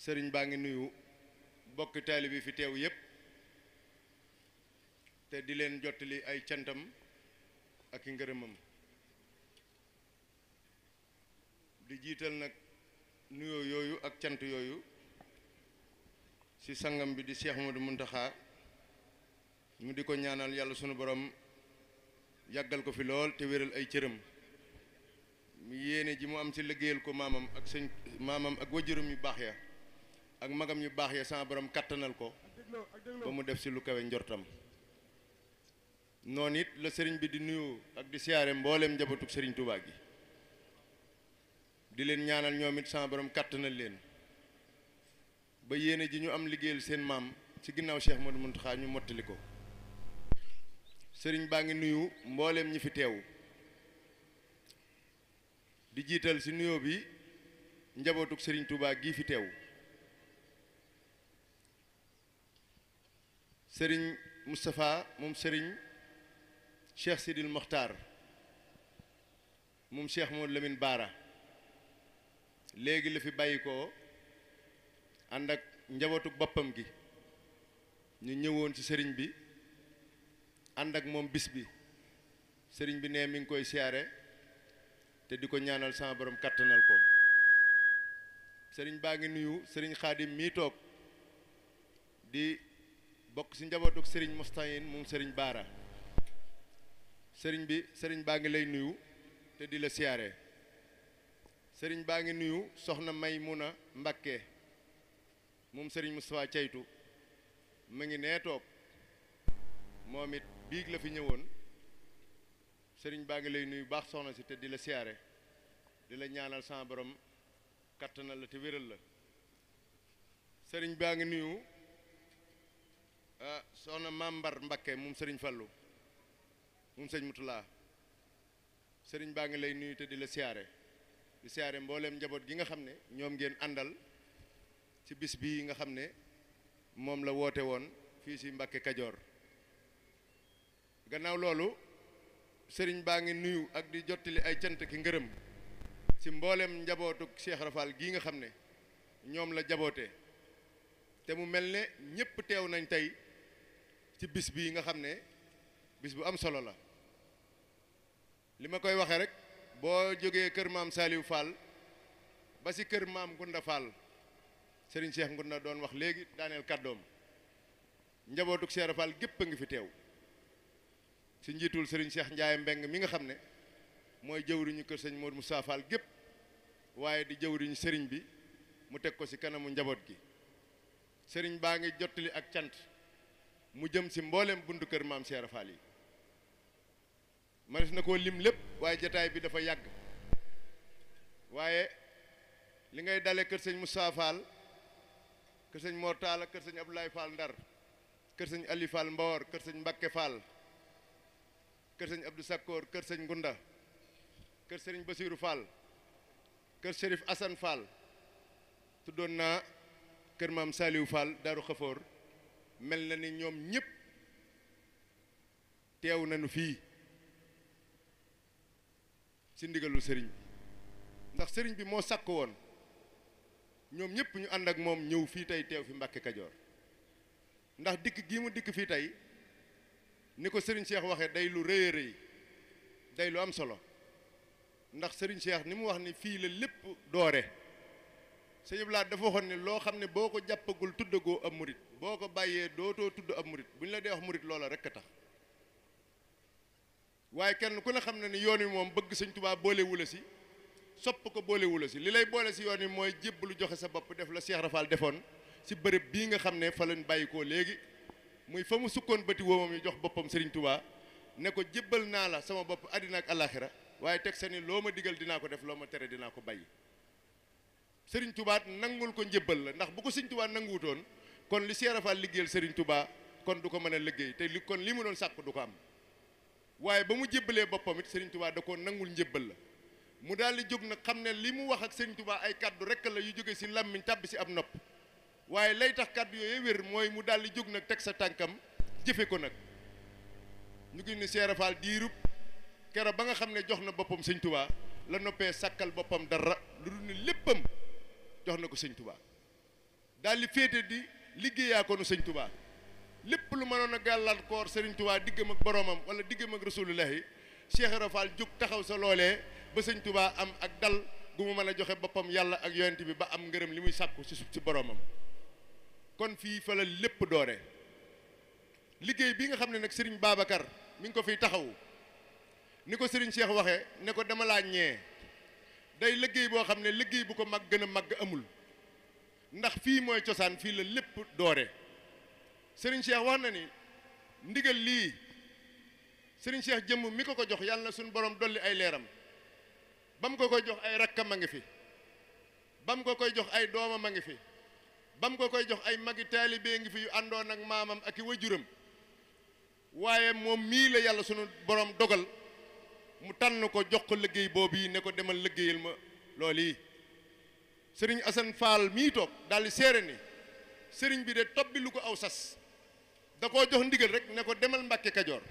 sëriñ baa ngi nuyu bokki taalib yi fi teew yépp te di leen jottali ay cantam ak i ngërëmam di jiital nag nuyoo yooyu ak cant yooyu ci sangam bi di Cheikh Modou Mountakha mu di ko ñaanal yàlla sunu borom yàggal ko fi lool te wéral ay cëram yéene ji mu am ci liggéeyal ko maamam ak sëñ maamam ak wajuram yu baax ya ak magam yu baax ya sama borom kàttanal ko ba mu def si lu kawe njortam noon it la sëriñ bi di nuyoo ak di siyaare mbooleem njabootug sëriñ Tuubaa yi di leen ñaanal ñoom it sama borom kattanal leen ba yéene ji ñu am liggéeyal seen maam ci ginnaaw Cheikh Modou Mountakha ñu mottali ko sëriñ baa ngi nuyu mbooleem ñi fi teew di jiital ci nuyoo bi njabootuk sëriñ Touba gi fi teew sëriñ Moustapha moom sëriñ Cheikh Sidil Mokhtar moom Cheikh Modou Lamine Baara léegi la fi bàyyi ko ànd ak njabootuk boppam gi ñu ñëwoon ci sëriñ bi ànd ak moom bis bi sëriñ bi ne mi ngi koy siyaare te di ko ñaanal sama borom kattanal ko sëriñ baa ngi nuyu sëriñ xaadim mii toog di bokk ci njabootuk sëriñ Moustahine moom sëriñ Baara sëriñ bi sëriñ baa ngi lay nuyu te di la siyaare sëriñ baa ngi nuyu soxna Maymuna Mbakke moom sëriñ Moustapha Caytu mu ngi nee toog moom it biig la fi ñëwoon sëriñ baa ngi lay nuyu baax soxna si te di la siyaare di la ñaanal sama borom kattanal la te wéral la sëriñ baa ngi nuyu ah, soxna Mambar Mbakke moom sëriñ Fallu moom sëñ Mutulaa sëriñ baa ngi lay nuyu te di la siyaare di siyaare mbooleem njaboot gi nga xam ne ñoom ngeen àndal ci bis bii nga xam ne moom la woote woon fii si Mbakke Kajoor gannaaw loolu sëriñ baa ngi nuyu ak di jottali ay cant ki ngërëm ci mboolem njabootu Cheikh Rafal gii nga xam ne ñoom la jaboote te mu mel ne ñëpp teew nañ tey ci bis bi nga xam ne bis bu am solo la li ma koy waxee rek boo jógee kër maam Saliou Fall ba ci kër maam Gunda Fall sëriñ Cheikh Ngunda doon wax léegi daaneel kàddoom njabootu Cheikh Rafal gépp a ngi fi teew si njiitul sëriñ Cheikh Ndiaye Mbeng mi nga xam ne mooy jëwriñu kër sëñ Modou Moustapha Fall gépp waaye di jëwriñu sëriñ bi mu teg ko si kanamu njaboot gi sëriñ baa ngi jottali ak cant mu jëm si mboolem buntu kër maam Cheikh Fall yi manes na koo lim lépp waaye jataay bi dafa yàgg waaye li ngay dale kër sëñ Moustapha Fall kër sëñ Mor Talla kër sëñ Abdoulaye Fall Ndar kër sëñ Ali Fall Mbawor kër sëñ Mbakke Fall kër sëñ Abdou Sakkoor kër sëñ Ngunda kër sëriñ Basiiru Fall kër Cherif Assane Fall tuddoon naa kër maam Saliou Fall Daaru Xafoor mel na ni ñoom ñëpp teew nañu fii ci ndigalul sëriñ ndax sëriñ bi moo sàkk woon ñoom ñëpp ñu ànd ak moom ñëw fii tey teew fi Mbàkke Kajoor ndax dikk gii mu dikk fii tey ni ko Serigne Cheikh waxee day lu rëy a rëy day lu am solo ndax sëriñ Cheikh ni mu wax ni fii la lépp doore sëñ Abdou Lahad dafa waxoon ne loo xam ne boo ko jàppagul tuddagoo ab murit boo ko bàyyee dootoo tudd ab murit bu ñu la dee wax murit loola rek a tax waaye kenn ku ne xam ne ni yoon wi moom bëgg sëñ tubaab boolewula si sopp ko boolewula si li lay boole si yoon wi mooy jépp lu joxe sa bopp def la Cheikh Rafal defoon si bërëb bii nga xam ne fa lañu bàyyi koo léegi. muy fa mu sukkoon bëti woomam yi jox boppam Serigne Touba ne ko jébbal naa la sama bopp àddina ak àllaaxira waaye teg sa ni loo ma digal dinaa ko def loo ma tere dinaa ko bàyyi sëriñ Touba nangul ko njëbbal la ndax bu ko Serigne Touba nanguwutoon kon li Cheikh Rafal liggéeyal Serigne tubaa kon du ko mën a liggéey te li kon li mu doon sàkk du ko am waaye ba mu jébbalee boppam it Serigne Touba da koo nangul njëbbal la mu daal di jóg nag xam ne li mu wax ak Serigne Touba ay kàddu rek la yu jóge si làmmiñ tàbbi si ab nopp. waaye lay tax kàddu yooyu wér mooy mu di jóg nag teg sa tànkam jëfe ko nag ñu ngi ni Seera Faal diirub kero ba nga xam ne jox na boppam sëñ tubaa la noppee sàkkal boppam dara lu dul léppam jox na ko sëñ tubaa di féete di liggéeyaa ko nu sëñ tubaa lépp lu mënoon a gàllankoor sëriñ tubaa diggam ak boromam wala diggam ak rasulullahi Cheikh Rafal jóg taxaw sa loolee ba sëñ tubaa am ak dal gu mu mën a joxe boppam yàlla ak yonent bi ba am ngërëm li muy sàkku si si boromam kon fii fa la lépp doore liggéey bi nga xam ne nag sëriñ Babacar mi ngi ko fiy taxawu ni ko sëriñ Cheikh waxe ne ko dama laa ñee day liggéey boo xam ne liggéey bu ko mag gën a mag amul ndax fii mooy cosaan fii la lépp doore sëriñ Cheikh wax na ni ndigal lii sëriñ Cheikh jëmm mi ko ko jox yàlla na suñu borom dolli ay leeram ba mu ko koy jox ay rakkam a ngi fi ba mu ko koy jox ay doomam a ngi fi ba mu ko koy jox ay magi taalibee ngi fi yu àndoon ak maamam ak i wajuram waaye moom mii la yàlla sunu boroom dogal mu tànn ko jox ko liggéey boobu yi ne ko demal liggéeyal ma loolu yi sëriñ Assane Fall mii toog daal di seere ni sëriñ bi de tobbi lu ko aw sas da koo jox ndigal rek ne ko demal Mbàkke Kajoor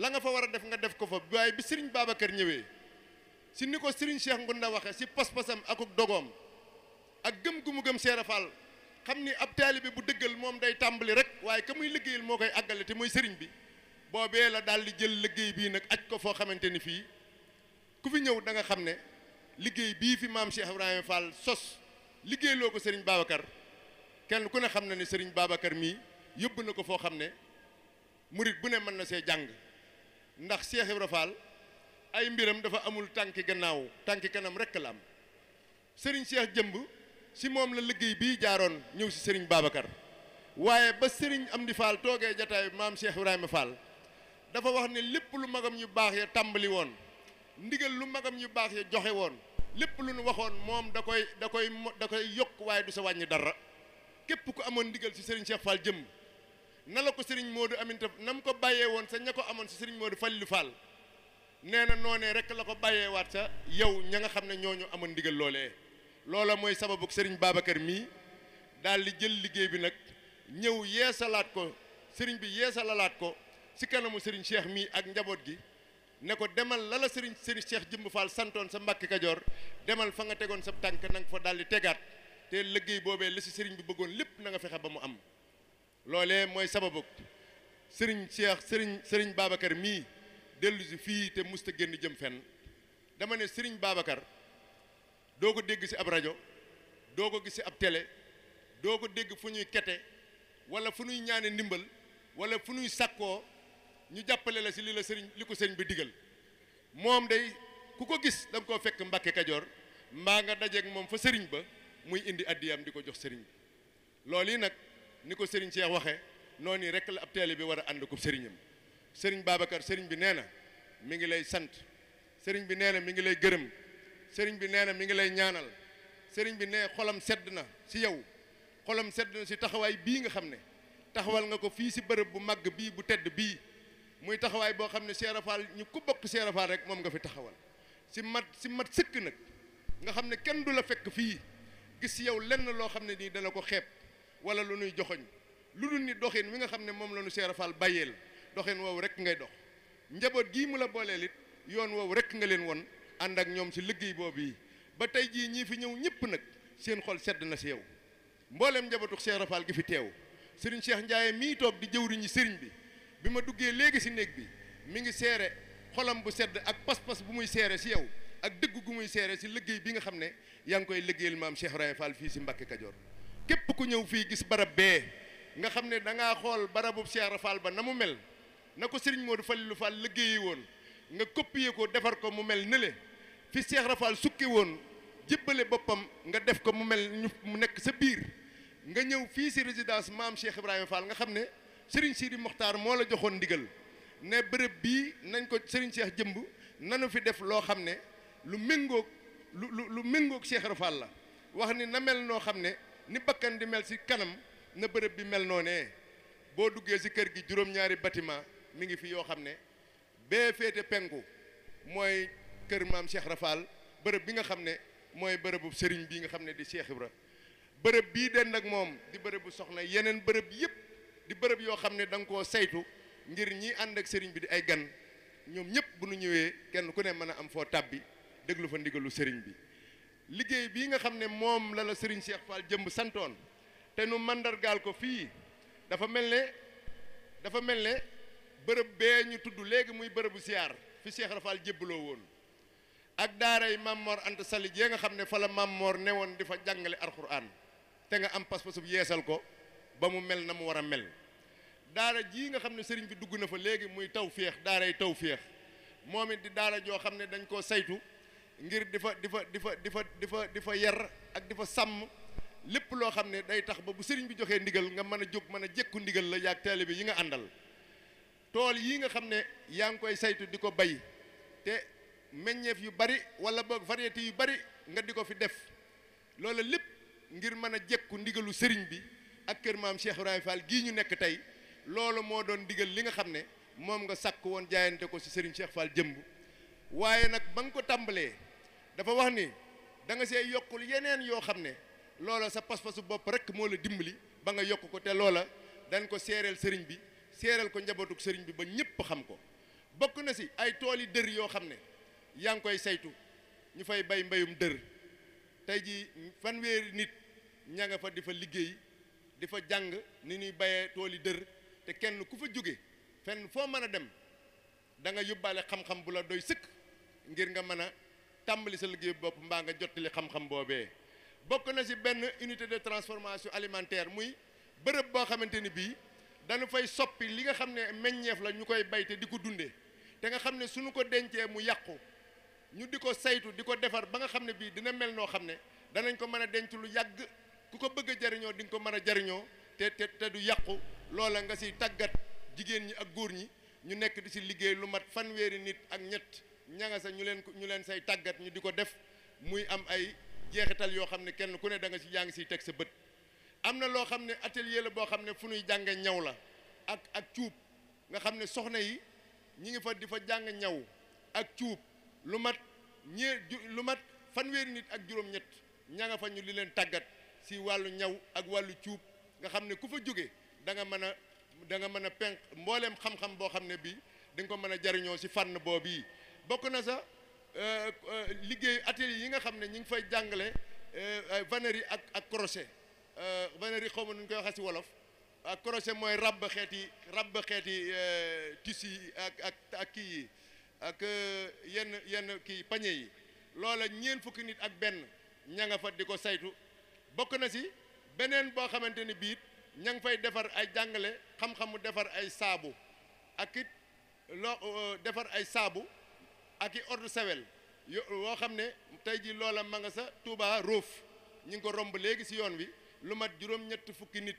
la nga fa war a def nga def ko fa waaye bi sëriñ kër ñëwee si ni ko sëriñ Cheikh Ngunda waxe si pas-pasam akuk dogoom ak gëm gu mu gëm Seera Fall xam ni ab taalibe bu dëggal moom day tàmbali rek waaye ka muy liggéeyal moo koy àggale te mooy sëriñ bi boobee la daal di jël liggéey bii nag aj ko foo xamante ni fii ku fi ñëw danga xam ne liggéey bii fi maam Cheikh Ibrahima Fall sos liggéeyloo ko sëriñ Babacar kenn ku ne xam na ne sëriñ Babacar mii yóbbu ne ko foo xam ne murit bu ne mën na see jàng ndax Cheikh Ibrahima ay mbiram dafa amul tànki gannaaw tànki kanam rek la am sëriñ si moom la liggéey bii jaaroon ñëw si Serigne Babacar waaye ba Serigne Amdi Fall toogee jataay maam Cheikh Ibrahima Fall dafa wax ne lépp lu magam ñu baax ya tàmbali woon ndigal lu magam ñu baax ya joxe woon lépp lu nu waxoon moom da koy da koy da koy yokk waaye du sa wàññi dara képp ku amoon ndigal si Serigne Cheikh Fall jëm na la ko moo Modou Aminta na mu ko bàyyee woon sa ña ko amoon si di Modou Fallu Fall nee na noonee rek la ko bàyyeewaat sa yow ña nga xam ne ñooñu amoon ndigal loolee. loola mooy sababu sëriñ Babacar mii daal di jël liggéey bi nag ñëw yeesalaat ko sëriñ bi yeesalalaat ko si kanamu sëriñ Cheikh mii ak njaboot gi ne ko demal lala sëriñ sëriñ Cheikh Jëmb Fall santoon sa Mbàkke Kajoor demal fa nga tegoon sa tànk na nga fa daal di tegaat te liggéey boobee la si sëriñ bi bëggoon lépp nanga fexe ba mu am loolee mooy sababu sëriñ Cheikh sëriñ sëriñ Babacar mii dellu si fii te musta génn jëm fenn dama ne sëriñ Babacar. doo ko dégg ci ab rajo doo ko gis ci ab tele doo ko dégg fu ñuy kete walla fu ñuy ñaane ndimbal walla fu ñuy sàkkoo ñu jàppale la si li la sëriñ li ko sëriñ bi digal moom day ku ko gis da nga koo fekk Mbàkke Kajoor mbaa nga dajeek moom fa sëriñ ba muy indi addiyam di ko jox sëriñ bi loolu yi nag ni ko sëriñ Cheikh waxee noonu rek la ab teele bi war a ànd ko sëriñam sëriñ Babacar sëriñ bi nee na mi ngi lay sant sëriñ bi nee na mi ngi lay gërëm sëriñ bi nee na mi ngi lay ñaanal sëriñ bi nee xolam sedd na si yow xolam sedd na si taxawaay bii nga xam ne taxawal nga ko fii si bërëb bu màgg bii bu tedd bii muy taxawaay boo xam ne seerafaal ñu ku bokk seerafaal rek moom nga fi taxawal si mat si mat sëkk nag nga xam ne kenn du la fekk fii gis yow lenn loo xam ne nii dana ko xeeb wala lu nuy joxoñ lu dul ni doxin wi nga xam ne moom la nu seerafaal bàyyeel doxin woowu rek ngay dox njaboot gii mu la booleel it yoon woowu rek nga leen won ànd ak ñoom si liggéey boobu yi ba tey jii ñii fi ñëw ñëpp nag seen xol sedd na si yow mbooleem njabootu Cheikh Rafal gi fi teew sëriñ Cheikh Ndiaye mii toog di jëwriñu sëriñ bi bi ma duggee léegi si néeg bi mi ngi seere xolam bu sedd ak pas-pas bu muy seere si yow ak dëgg gu muy seere si liggéey bi nga xam ne yaa ngi koy liggéeyal maam Cheikh Ibrahima Fall fii si Mbàkke Kajoor képp ku ñëw fii gis barab bee nga xam ne da xool barabu Cheikh Ibra Fall ba na mu mel na ko sëriñ Modou Falilou Fall liggéeyi woon nga copier ko defar ko mu mel ne fi Cheikh Rafal sukki woon jébbale boppam nga def ko mu mel ñu mu nekk sa biir nga ñëw fii si résidence maam Cheikh Ibrahima Fall nga xam ne Serigne Sidi Mokhtar moo la joxoon ndigal ne bërëb bii nañ ko Serigne Cheikh jëmb nanu fi def loo xam ne lu méngoog lu lu lu méngoog Cheikh la wax ni na mel noo xam ne ni bakkan di mel si kanam na bërëb bi mel noo ne boo duggee si kër gi juróom-ñaari bâtiment mi ngi fi yoo xam ne bee féete penku mooy. kër maam Cheikh Rafal bërëb bi nga xam ne mooy bërëbu sëriñ bi nga xam ne di Cheikh Ibra bërëb bii dend ak moom di bërëbu soxna yeneen bërëb yëpp di bërëb yoo xam ne danga nga koo saytu ngir ñi ànd ak sëriñ bi di ay gan ñoom ñëpp bu nu ñëwee kenn ku ne mën a am foo tàbbi déglu fa ndigalu sëriñ bi liggéey bi nga xam ne moom la la sëriñ Cheikh Fall jëmb santoon te nu mandargaal ko fii dafa mel ne dafa mel ne bërëb bee ñu tudd léegi muy bërëbu siyaar fi Cheikh Rafal jébbaloo woon ak daaray Mamor Anta Sali jee nga xam ne fa la Mamor newoon di fa jàngale alxuraan te nga am pas-pasub yeesal ko ba mu mel na mu war a mel daara jii nga xam ne sëriñ bi dugg na fa léegi muy tawféex daaray tawféex moom it di daara joo xam ne dañ koo saytu ngir di fa di fa di fa di fa di fa di fa yar ak di fa sàmm lépp loo xam ne day tax ba bu sëriñ bi joxee ndigal nga mën a jóg mën a jékku ndigal la yaag taalibe yi nga àndal tool yii nga xam ne yaa ngi koy saytu di ko bay meññeef yu bari wala boog variété yu bari nga di ko fi def loola lépp ngir mën a jekku ndigalu sëriñ bi ak kër maam Cheikh Ibrahima gii ñu nekk tey loola moo doon digal li nga xam ne moom nga sàkk woon jaayante ko si sëriñ Cheikh Fall jëmb waaye nag ba nga ko tàmbalee dafa wax ni danga nga see yokkul yeneen yoo xam ne loola sa pas-pasu bopp rek moo la dimbali ba nga yokk ko te loola dañ ko seereel sëriñ bi seereel ko njabootuk sëriñ bi ba ñëpp xam ko bokk na ci ay tool yi dër yoo xam ne yaa ngi koy saytu ñu fay bay mbayum dër tey jii fanweeri nit ña nga fa di fa liggéey di fa jàng ni ñuy bayee tooli dër te kenn ku fa jóge fenn foo mën a dem da nga yóbbaale xam-xam bu la doy sëkk ngir nga mën a tàmbali sa liggéey bopp mbaa nga jottali xam-xam boobee bokk na si benn unité de transformation alimentaire muy bërëb boo xamante ni bii dañu fay soppi li nga xam ne meññeef la ñu koy bay te di ko dundee te nga xam ne suñu ko dencee mu yàqu ñu di ko saytu di ko defar ba nga xam ne bii dina mel noo xam ne danañ ko mën a denc lu yàgg ku ko bëgg a jariñoo di ko mën a jariñoo te te du yàqu loola nga siy tàggat jigéen ñi ak góor ñi ñu nekk di si liggéey lu mat fanweeri nit ak ñett ñanga sa ñu leen ñu leen say tàggat ñu di ko def muy am ay jeexital yoo xam ne kenn ku ne danga si yaa ngi siy teg sa bët am na loo xam ne atelier la boo xam ne fu nuy jàng ñaw la ak ak cuub nga xam ne soxna yi ñi ngi fa di jàng ñaw ak cuub lu mat ñee lu mat fanweeri nit ak juróom-ñett ña nga fa ñu li leen tàggat si wàllu ñaw ak wàllu cuub nga xam ne ku fa jóge da nga mën a da nga mën a penk mbooleem xam-xam boo xam ne bii da nga ko mën a jariñoo si fànn boobu yi bokk na sa euh, euh, liggéey atelier yi nga xam ne ñi ngi fay jàngale euh, vannerie ak ak crochet vannerie xaw ma nu ñu koy waxee si wolof ak crochet mooy ràbb xeeti ràbb xeeti tissu yi ak ak ak kii yi ak euh, yenn yenn kii pañe yi loola ñeen fukki nit ak benn ña nga fa di ko saytu bokk na si beneen boo xamante ni biit ña ngi fay defar ay jàngale xam-xamu defar ay saabu ak it loo euh, ay saabu ak i ordre yo woo xam ne tey ji loola ma nga sa tuubaa Roof ñu ngi ko romb léegi si yoon wi lu mat juróom-ñett fukki nit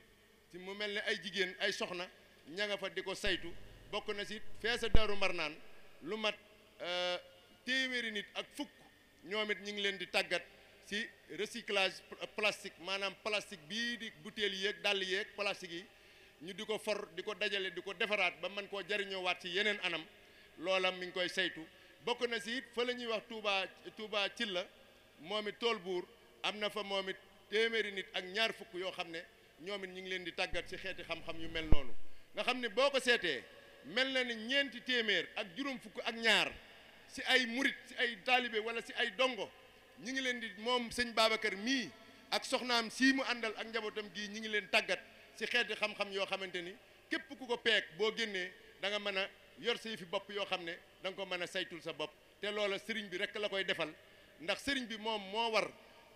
si mu mel ni ay jigéen ay soxna ña nga fa di ko saytu bokk na si feesa Daaru Marnaan lu mat euh, téeméeri nit ak fukk ñoom it ñu ngi leen di tàggat ci reciclage plastique maanaam plastique bii di butéel yeeg dàll yeeg plastique yi ñu di ko for di ko dajale di ko defaraat ba mën koo jariñoowaat ci yeneen anam loolam mi ngi koy saytu bokk na ci it fa la ñuy wax tuubaa Touba ci la moom it tool buur am na fa moom it téeméeri nit ak ñaar fukk yoo xam ne ñoom it ñu ngi leen di tàggat ci xeeti xam-xam yu mel noonu nga xam ne boo ko seetee mel na ni ñeenti téeméer ak juróom fukk ak ñaar si ay murit si ay taalibe wala si ay dongo ñi ngi leen di moom sëñ Babacar mii ak soxnaam sii mu àndal ak njabootam gii ñi ngi leen tàggat si xeeti xam-xam yoo xamante ni képp ku ko peek boo génnee da nga mën a yor sa fi bopp yoo xam ne da nga ko mën a saytul sa bopp te loola sëriñ bi rek la koy defal ndax sëriñ bi moom moo war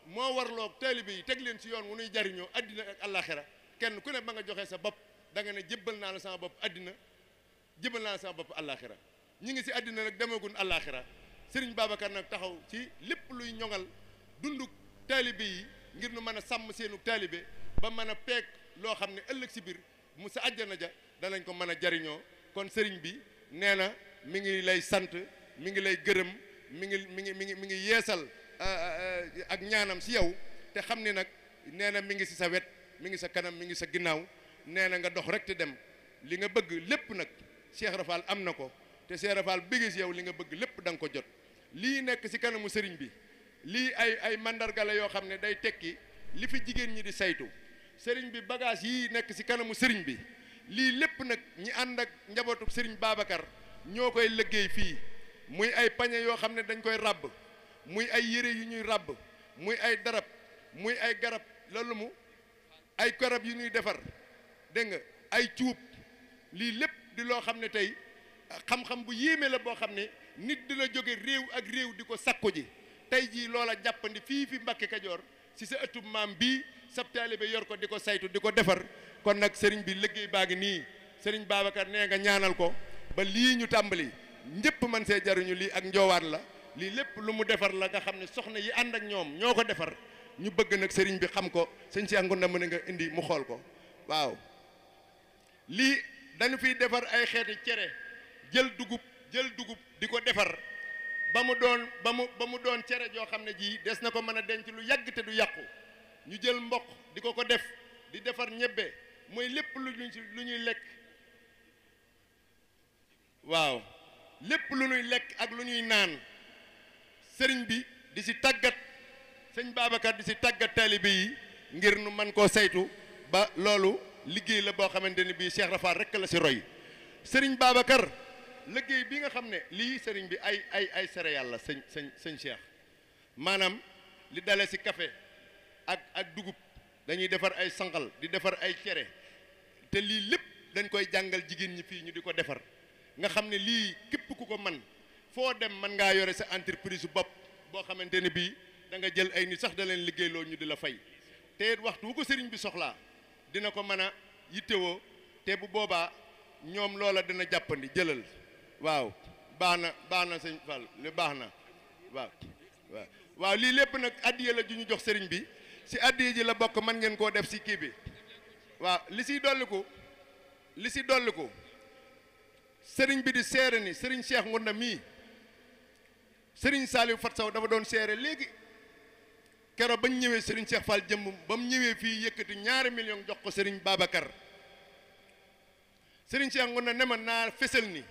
moo warloo taalibe yi teg leen si yoon wu nuy jariñoo àddina ak kenn ku ne ba nga joxe sa bopp da nga ne jébbal naa la sama bopp addina jëmal naa sama bopp àllaaxira ñi ngi si àddina nag demagun àllaaxira sëriñ Babacar nag taxaw ci lépp luy ñoŋal dunduk taalibe yi ngir nu mën a sàmm seenu taalibe ba mën a peeg loo xam ne ëllëg si biir mu sa àjjana ja danañ ko mën a jariñoo kon sëriñ bi nee na mi ngi lay sant mi ngi lay gërëm mi ngi mi ngi mi ngi mi ngi yeesal euh, euh, ak ñaanam si yow te xam ni nag nee na mi ngi si sa wet mi ngi sa kanam mi ngi sa ginnaaw nee na nga dox rek te dem li nga bëgg lépp nag Cheikh Rafal am na ko te Cheikh Rafal si yow li nga bëgg lépp danga nga ko jot lii nekk si kanamu sëriñ bi lii ay ay màndargala yoo xam ne day tekki li fi jigéen ñi di saytu sëriñ bi bagage yi nekk si kanamu sëriñ bi lii lépp nag ñi ànd ak njabootu sëriñ Babacar ñoo koy liggéey fii muy ay pañe yoo xam ne dañ koy ràbb muy ay yére yu ñuy ràbb muy ay darab muy ay garab la mu ay karab yu ñuy defar dégg nga ay cuub lii lépp di loo xam ne tey xam-xam bu yéeme la boo xam ne nit dina jóge réew ak réew di ko sakku ji tey jii loola jàppandi fii fi mbakki Kajoor si sa ëttub maam bii sab taalibe yor ko di ko saytu di ko defar kon nag sëriñ bi liggéey baa ngi nii sëriñ Babacar nee nga ñaanal ko ba lii ñu tàmbali ñëpp man see jaruñu lii ak njoowaat la lii lépp lu mu defar la nga xam ne soxna yi ànd ak ñoom ñoo ko defar ñu bëgg nag sëriñ bi xam ko sëñ si àngu na mën nga indi mu xool ko waaw dañu fiy defar ay xeeti cere jël dugub jël dugub di ko defar ba mu doon ba mu ba mu doon cere joo xam ne jii des na ko mën a denc lu yàgg te du yàqu ñu jël mboq di ko ko def di defar ñebbe mooy lépp lu ñu lu ñuy lekk waaw lépp lu ñuy lekk ak lu ñuy naan sëriñ bi di si tàggat sëñ baabakat di si tàggat taalibe yi ngir nu mën koo saytu ba loolu liggéey la boo xamante ni bii Cheikh Rafaal rek la si roy sëriñ Babacar liggéey bi nga xam ne lii sëriñ bi ay ay ay céréales la sëñ sëñ sëñ maanaam li dale si kafe ak ak dugub dañuy defar ay sanqal di defar ay cere te lii lépp dañ koy jàngal jigéen ñi fii ñu di ko defar nga xam ne lii képp ku ko man foo dem mën ngaa yore sa entreprise su bopp boo xamante ne bii da nga jël ay nit sax da leen liggéeyloo ñu di la fay te waxtu wu ko sëriñ bi soxlaa dina ko mën a yittewoo te bu boobaa ñoom loola dina jàppandi jëlal waaw baax na baax na sëñ Fall li baax na waaw waaw lii lépp nag addiya la ju ñu jox sëriñ bi si addiya ji la bokk man ngeen koo def si kii bi waaw li siy dolliku li si dolliku sëriñ bi di seere ni sëriñ Cheikh Ngounda mii sëriñ Saliou Fat Sow dafa doon seere léegi keroog bañ ñëwee Serigne seex Fall jëmm ba mu ñëwee fii yëkkati ñaari million jox ko Serigne Babacar Serigne Cheikh ngun na ne ma naa fésal ni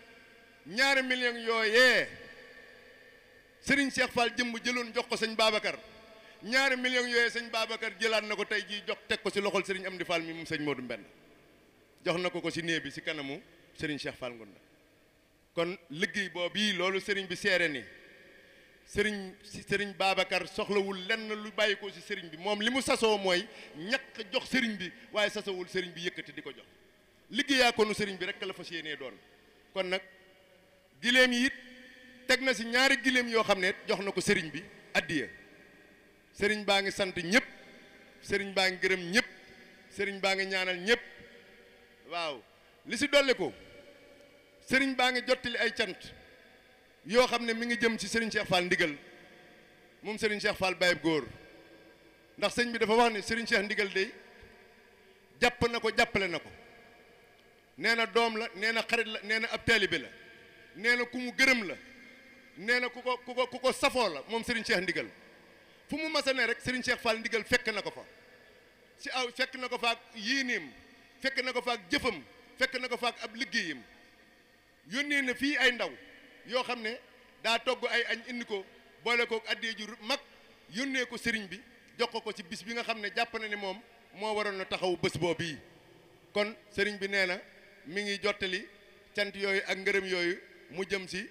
ñaari million yooyee Serigne Cheikh Fall jëmm jëloon jox ko sëñ Babacar ñaari million yooyee sëñ Babacar jëlaat na ko tey jii jox teg ko si loxol Serigne Amdi Fall mi mu sëñ Modou Mbenn jox na ko ko si néeg bi si kanamu Serigne Cheikh Fall ngun kon liggéey boobu loolu Serigne bi seere ni sëriñ si sëriñ Babacar soxlawul lenn lu bàyyikoo ko si sëriñ bi moom li mu sasoo mooy ñàkk jox sëriñ bi waaye sasowul sëriñ bi yëkkati di ko jox liggéeyaa ko sëriñ bi rek la fas yéenee doon kon nag giléem yi teg na si ñaari giléem yoo xam ne jox na ko sëriñ bi addiya sëriñ baa ngi sant ñëpp sëriñ baa ngi gërëm ñëpp sëriñ baa ngi ñaanal ñëpp waaw li si dolli ko sëriñ baa ngi jottali ay cant yoo xam ne mi ngi jëm ci Serigne Cheikh Fall ndigal moom Serigne Cheikh Fall Baye góor ndax sëñ bi dafa wax ne Serigne Cheikh ndigal de jàpp na ko jàppale na ko nee na doom la nee na xarit la nee na ab taalibe la nee na ku mu gërëm la nee na ku ko ku ko ku ko safoo la moom Serigne Cheikh ndigal fu mu masa ne rek Serigne Cheikh Fall ndigal fekk na ko fa si aw fekk na ko faak yéeneem fekk na ko faak jëfam fekk na ko faak ab liggéeyam yónnee na fii ay ndaw yoo xam ne daa togg ay añ indi ko boole ko addee ju mag yónnee ko sëriñ bi jox ko ko ci bis bi nga xam ne jàpp na ne moom moo waroon na taxaw bés boobu yi kon sëriñ bi nee na mi ngi jottali cant yooyu ak ngërëm yooyu mu jëm si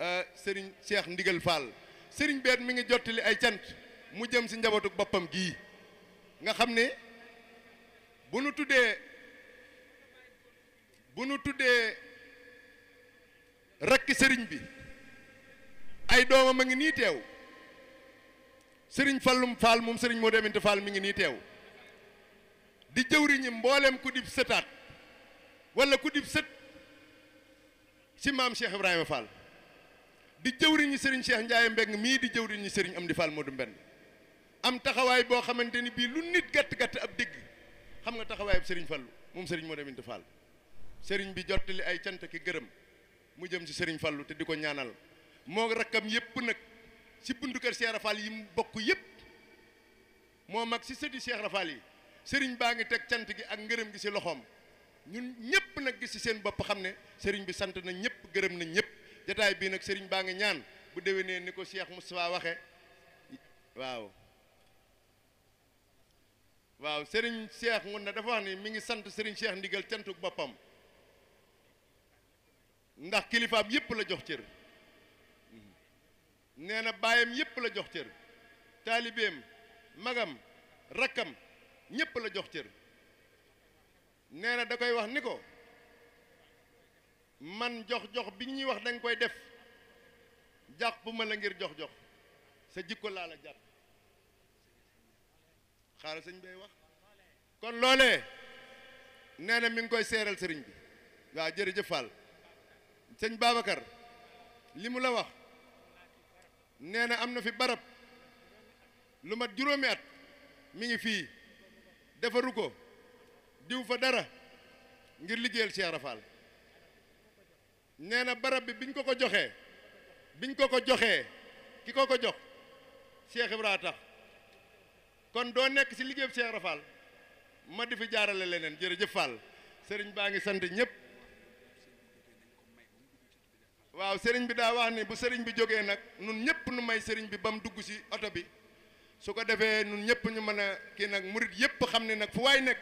euh, sëriñ Cheikh Ndigal Fall sëriñ beet mi ngi jottali ay cant mu jëm si njabootu boppam gii nga xam ne bu nu tuddee bu nu tuddee rakki sëriñ bi ay doomam a ngi nii teew sëriñ Fallum Fall moom sëriñ moo deminte Fall mi ngi nii teew di jëwriñi mboolem ku dib sëtaat wala ku dib sët ci maam Cheikh Ibrahima Fall di jëwriñi sëriñ seex Ndiaye Mbeng mii di jëwriñi sëriñ am Amdi Fall Modou Mbend am taxawaay boo xamante ni bii lu nit gàtt-gàtt ab dégg xam nga taxawaayam sëriñ Fallu moom sëriñ moo deminte Fall sëriñ bi jottali ay cant ki gërëm mu jëm si sëriñ Fallou te di ko ñaanal moo rakkam yëpp nag si buntu kër Cheikh Rafal yi mu bokk yépp moo mag si sëti Cheikh Rafal yi sëriñ baa ngi teg cant gi ak ngërëm gi si loxoom ñun ñëpp nag gis ci seen bopp xam ne sëriñ bi sant na ñëpp gërëm na ñëpp jataay bii nag sëriñ baa ngi ñaan bu déwénee ni ko Cheikh Moustapha waxe waaw. waaw Serigne Cheikh mun na dafa wax ni mi ngi sant Serigne Cheikh ndigal cantuk boppam. ndax kilifaam yépp la jox cër mhm. nee na baayam yépp la jox cër taalibeem magam rakkam ñépp la jox cër neena da koy wax ni ko man jox-jox bi ñuy wax da koy def jàpp ma la ngir jox-jox sa jikko laa la jàpp xaaral sëñ bay wax kon loolee nee mi ngi koy seeral sëriñ bi waaw jërëjëf Fall sëñ Babacar li mu la wax nee na am na fi barab lu mat juróomi at mi ngi fii defaru ko diw fa dara ngir liggéeyal Cheikh Rafal nee na barab bi biñ ko ko joxee biñ ko ko joxee ki ko ko jox Cheikh Ibra tax kon doo nekk ci liggéeyam Cheikh Rafal ma di fi jaarale leneen jërëjëf Fall sëriñ baa ngi sant ñëpp. waaw sëriñ bi daa wax ni bu sëriñ bi jógee nag nun ñëpp nu may sëriñ bi ba mu dugg si oto bi su ko defee nun ñëpp ñu mën a kii nag murit yëpp xam ne nag fu waay nekk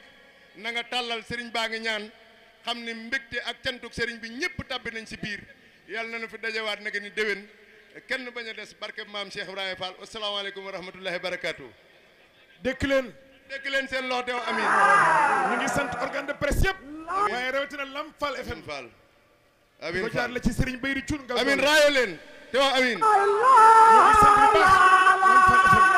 na nga tàllal sëriñ baa ngi ñaan xam ne mbégte ak cantuk sëriñ bi ñëpp tabbi nañ si biir yàlla na nu fi dajawaat nag ni déwén kenn bañ a des barke maam Cheikh Ibrahima Fall asalaamaaleykum wa rahmatullahi wa barakaatu. dëkk leen. dëkk leen seen loxo teew amiin. ñu ngi sant organe de presse yëpp. waaye rawatina Lamp Fall FM amiin ko jaar la ci Serigne Bayri Thioune. amiin raayo leen te wax amiin.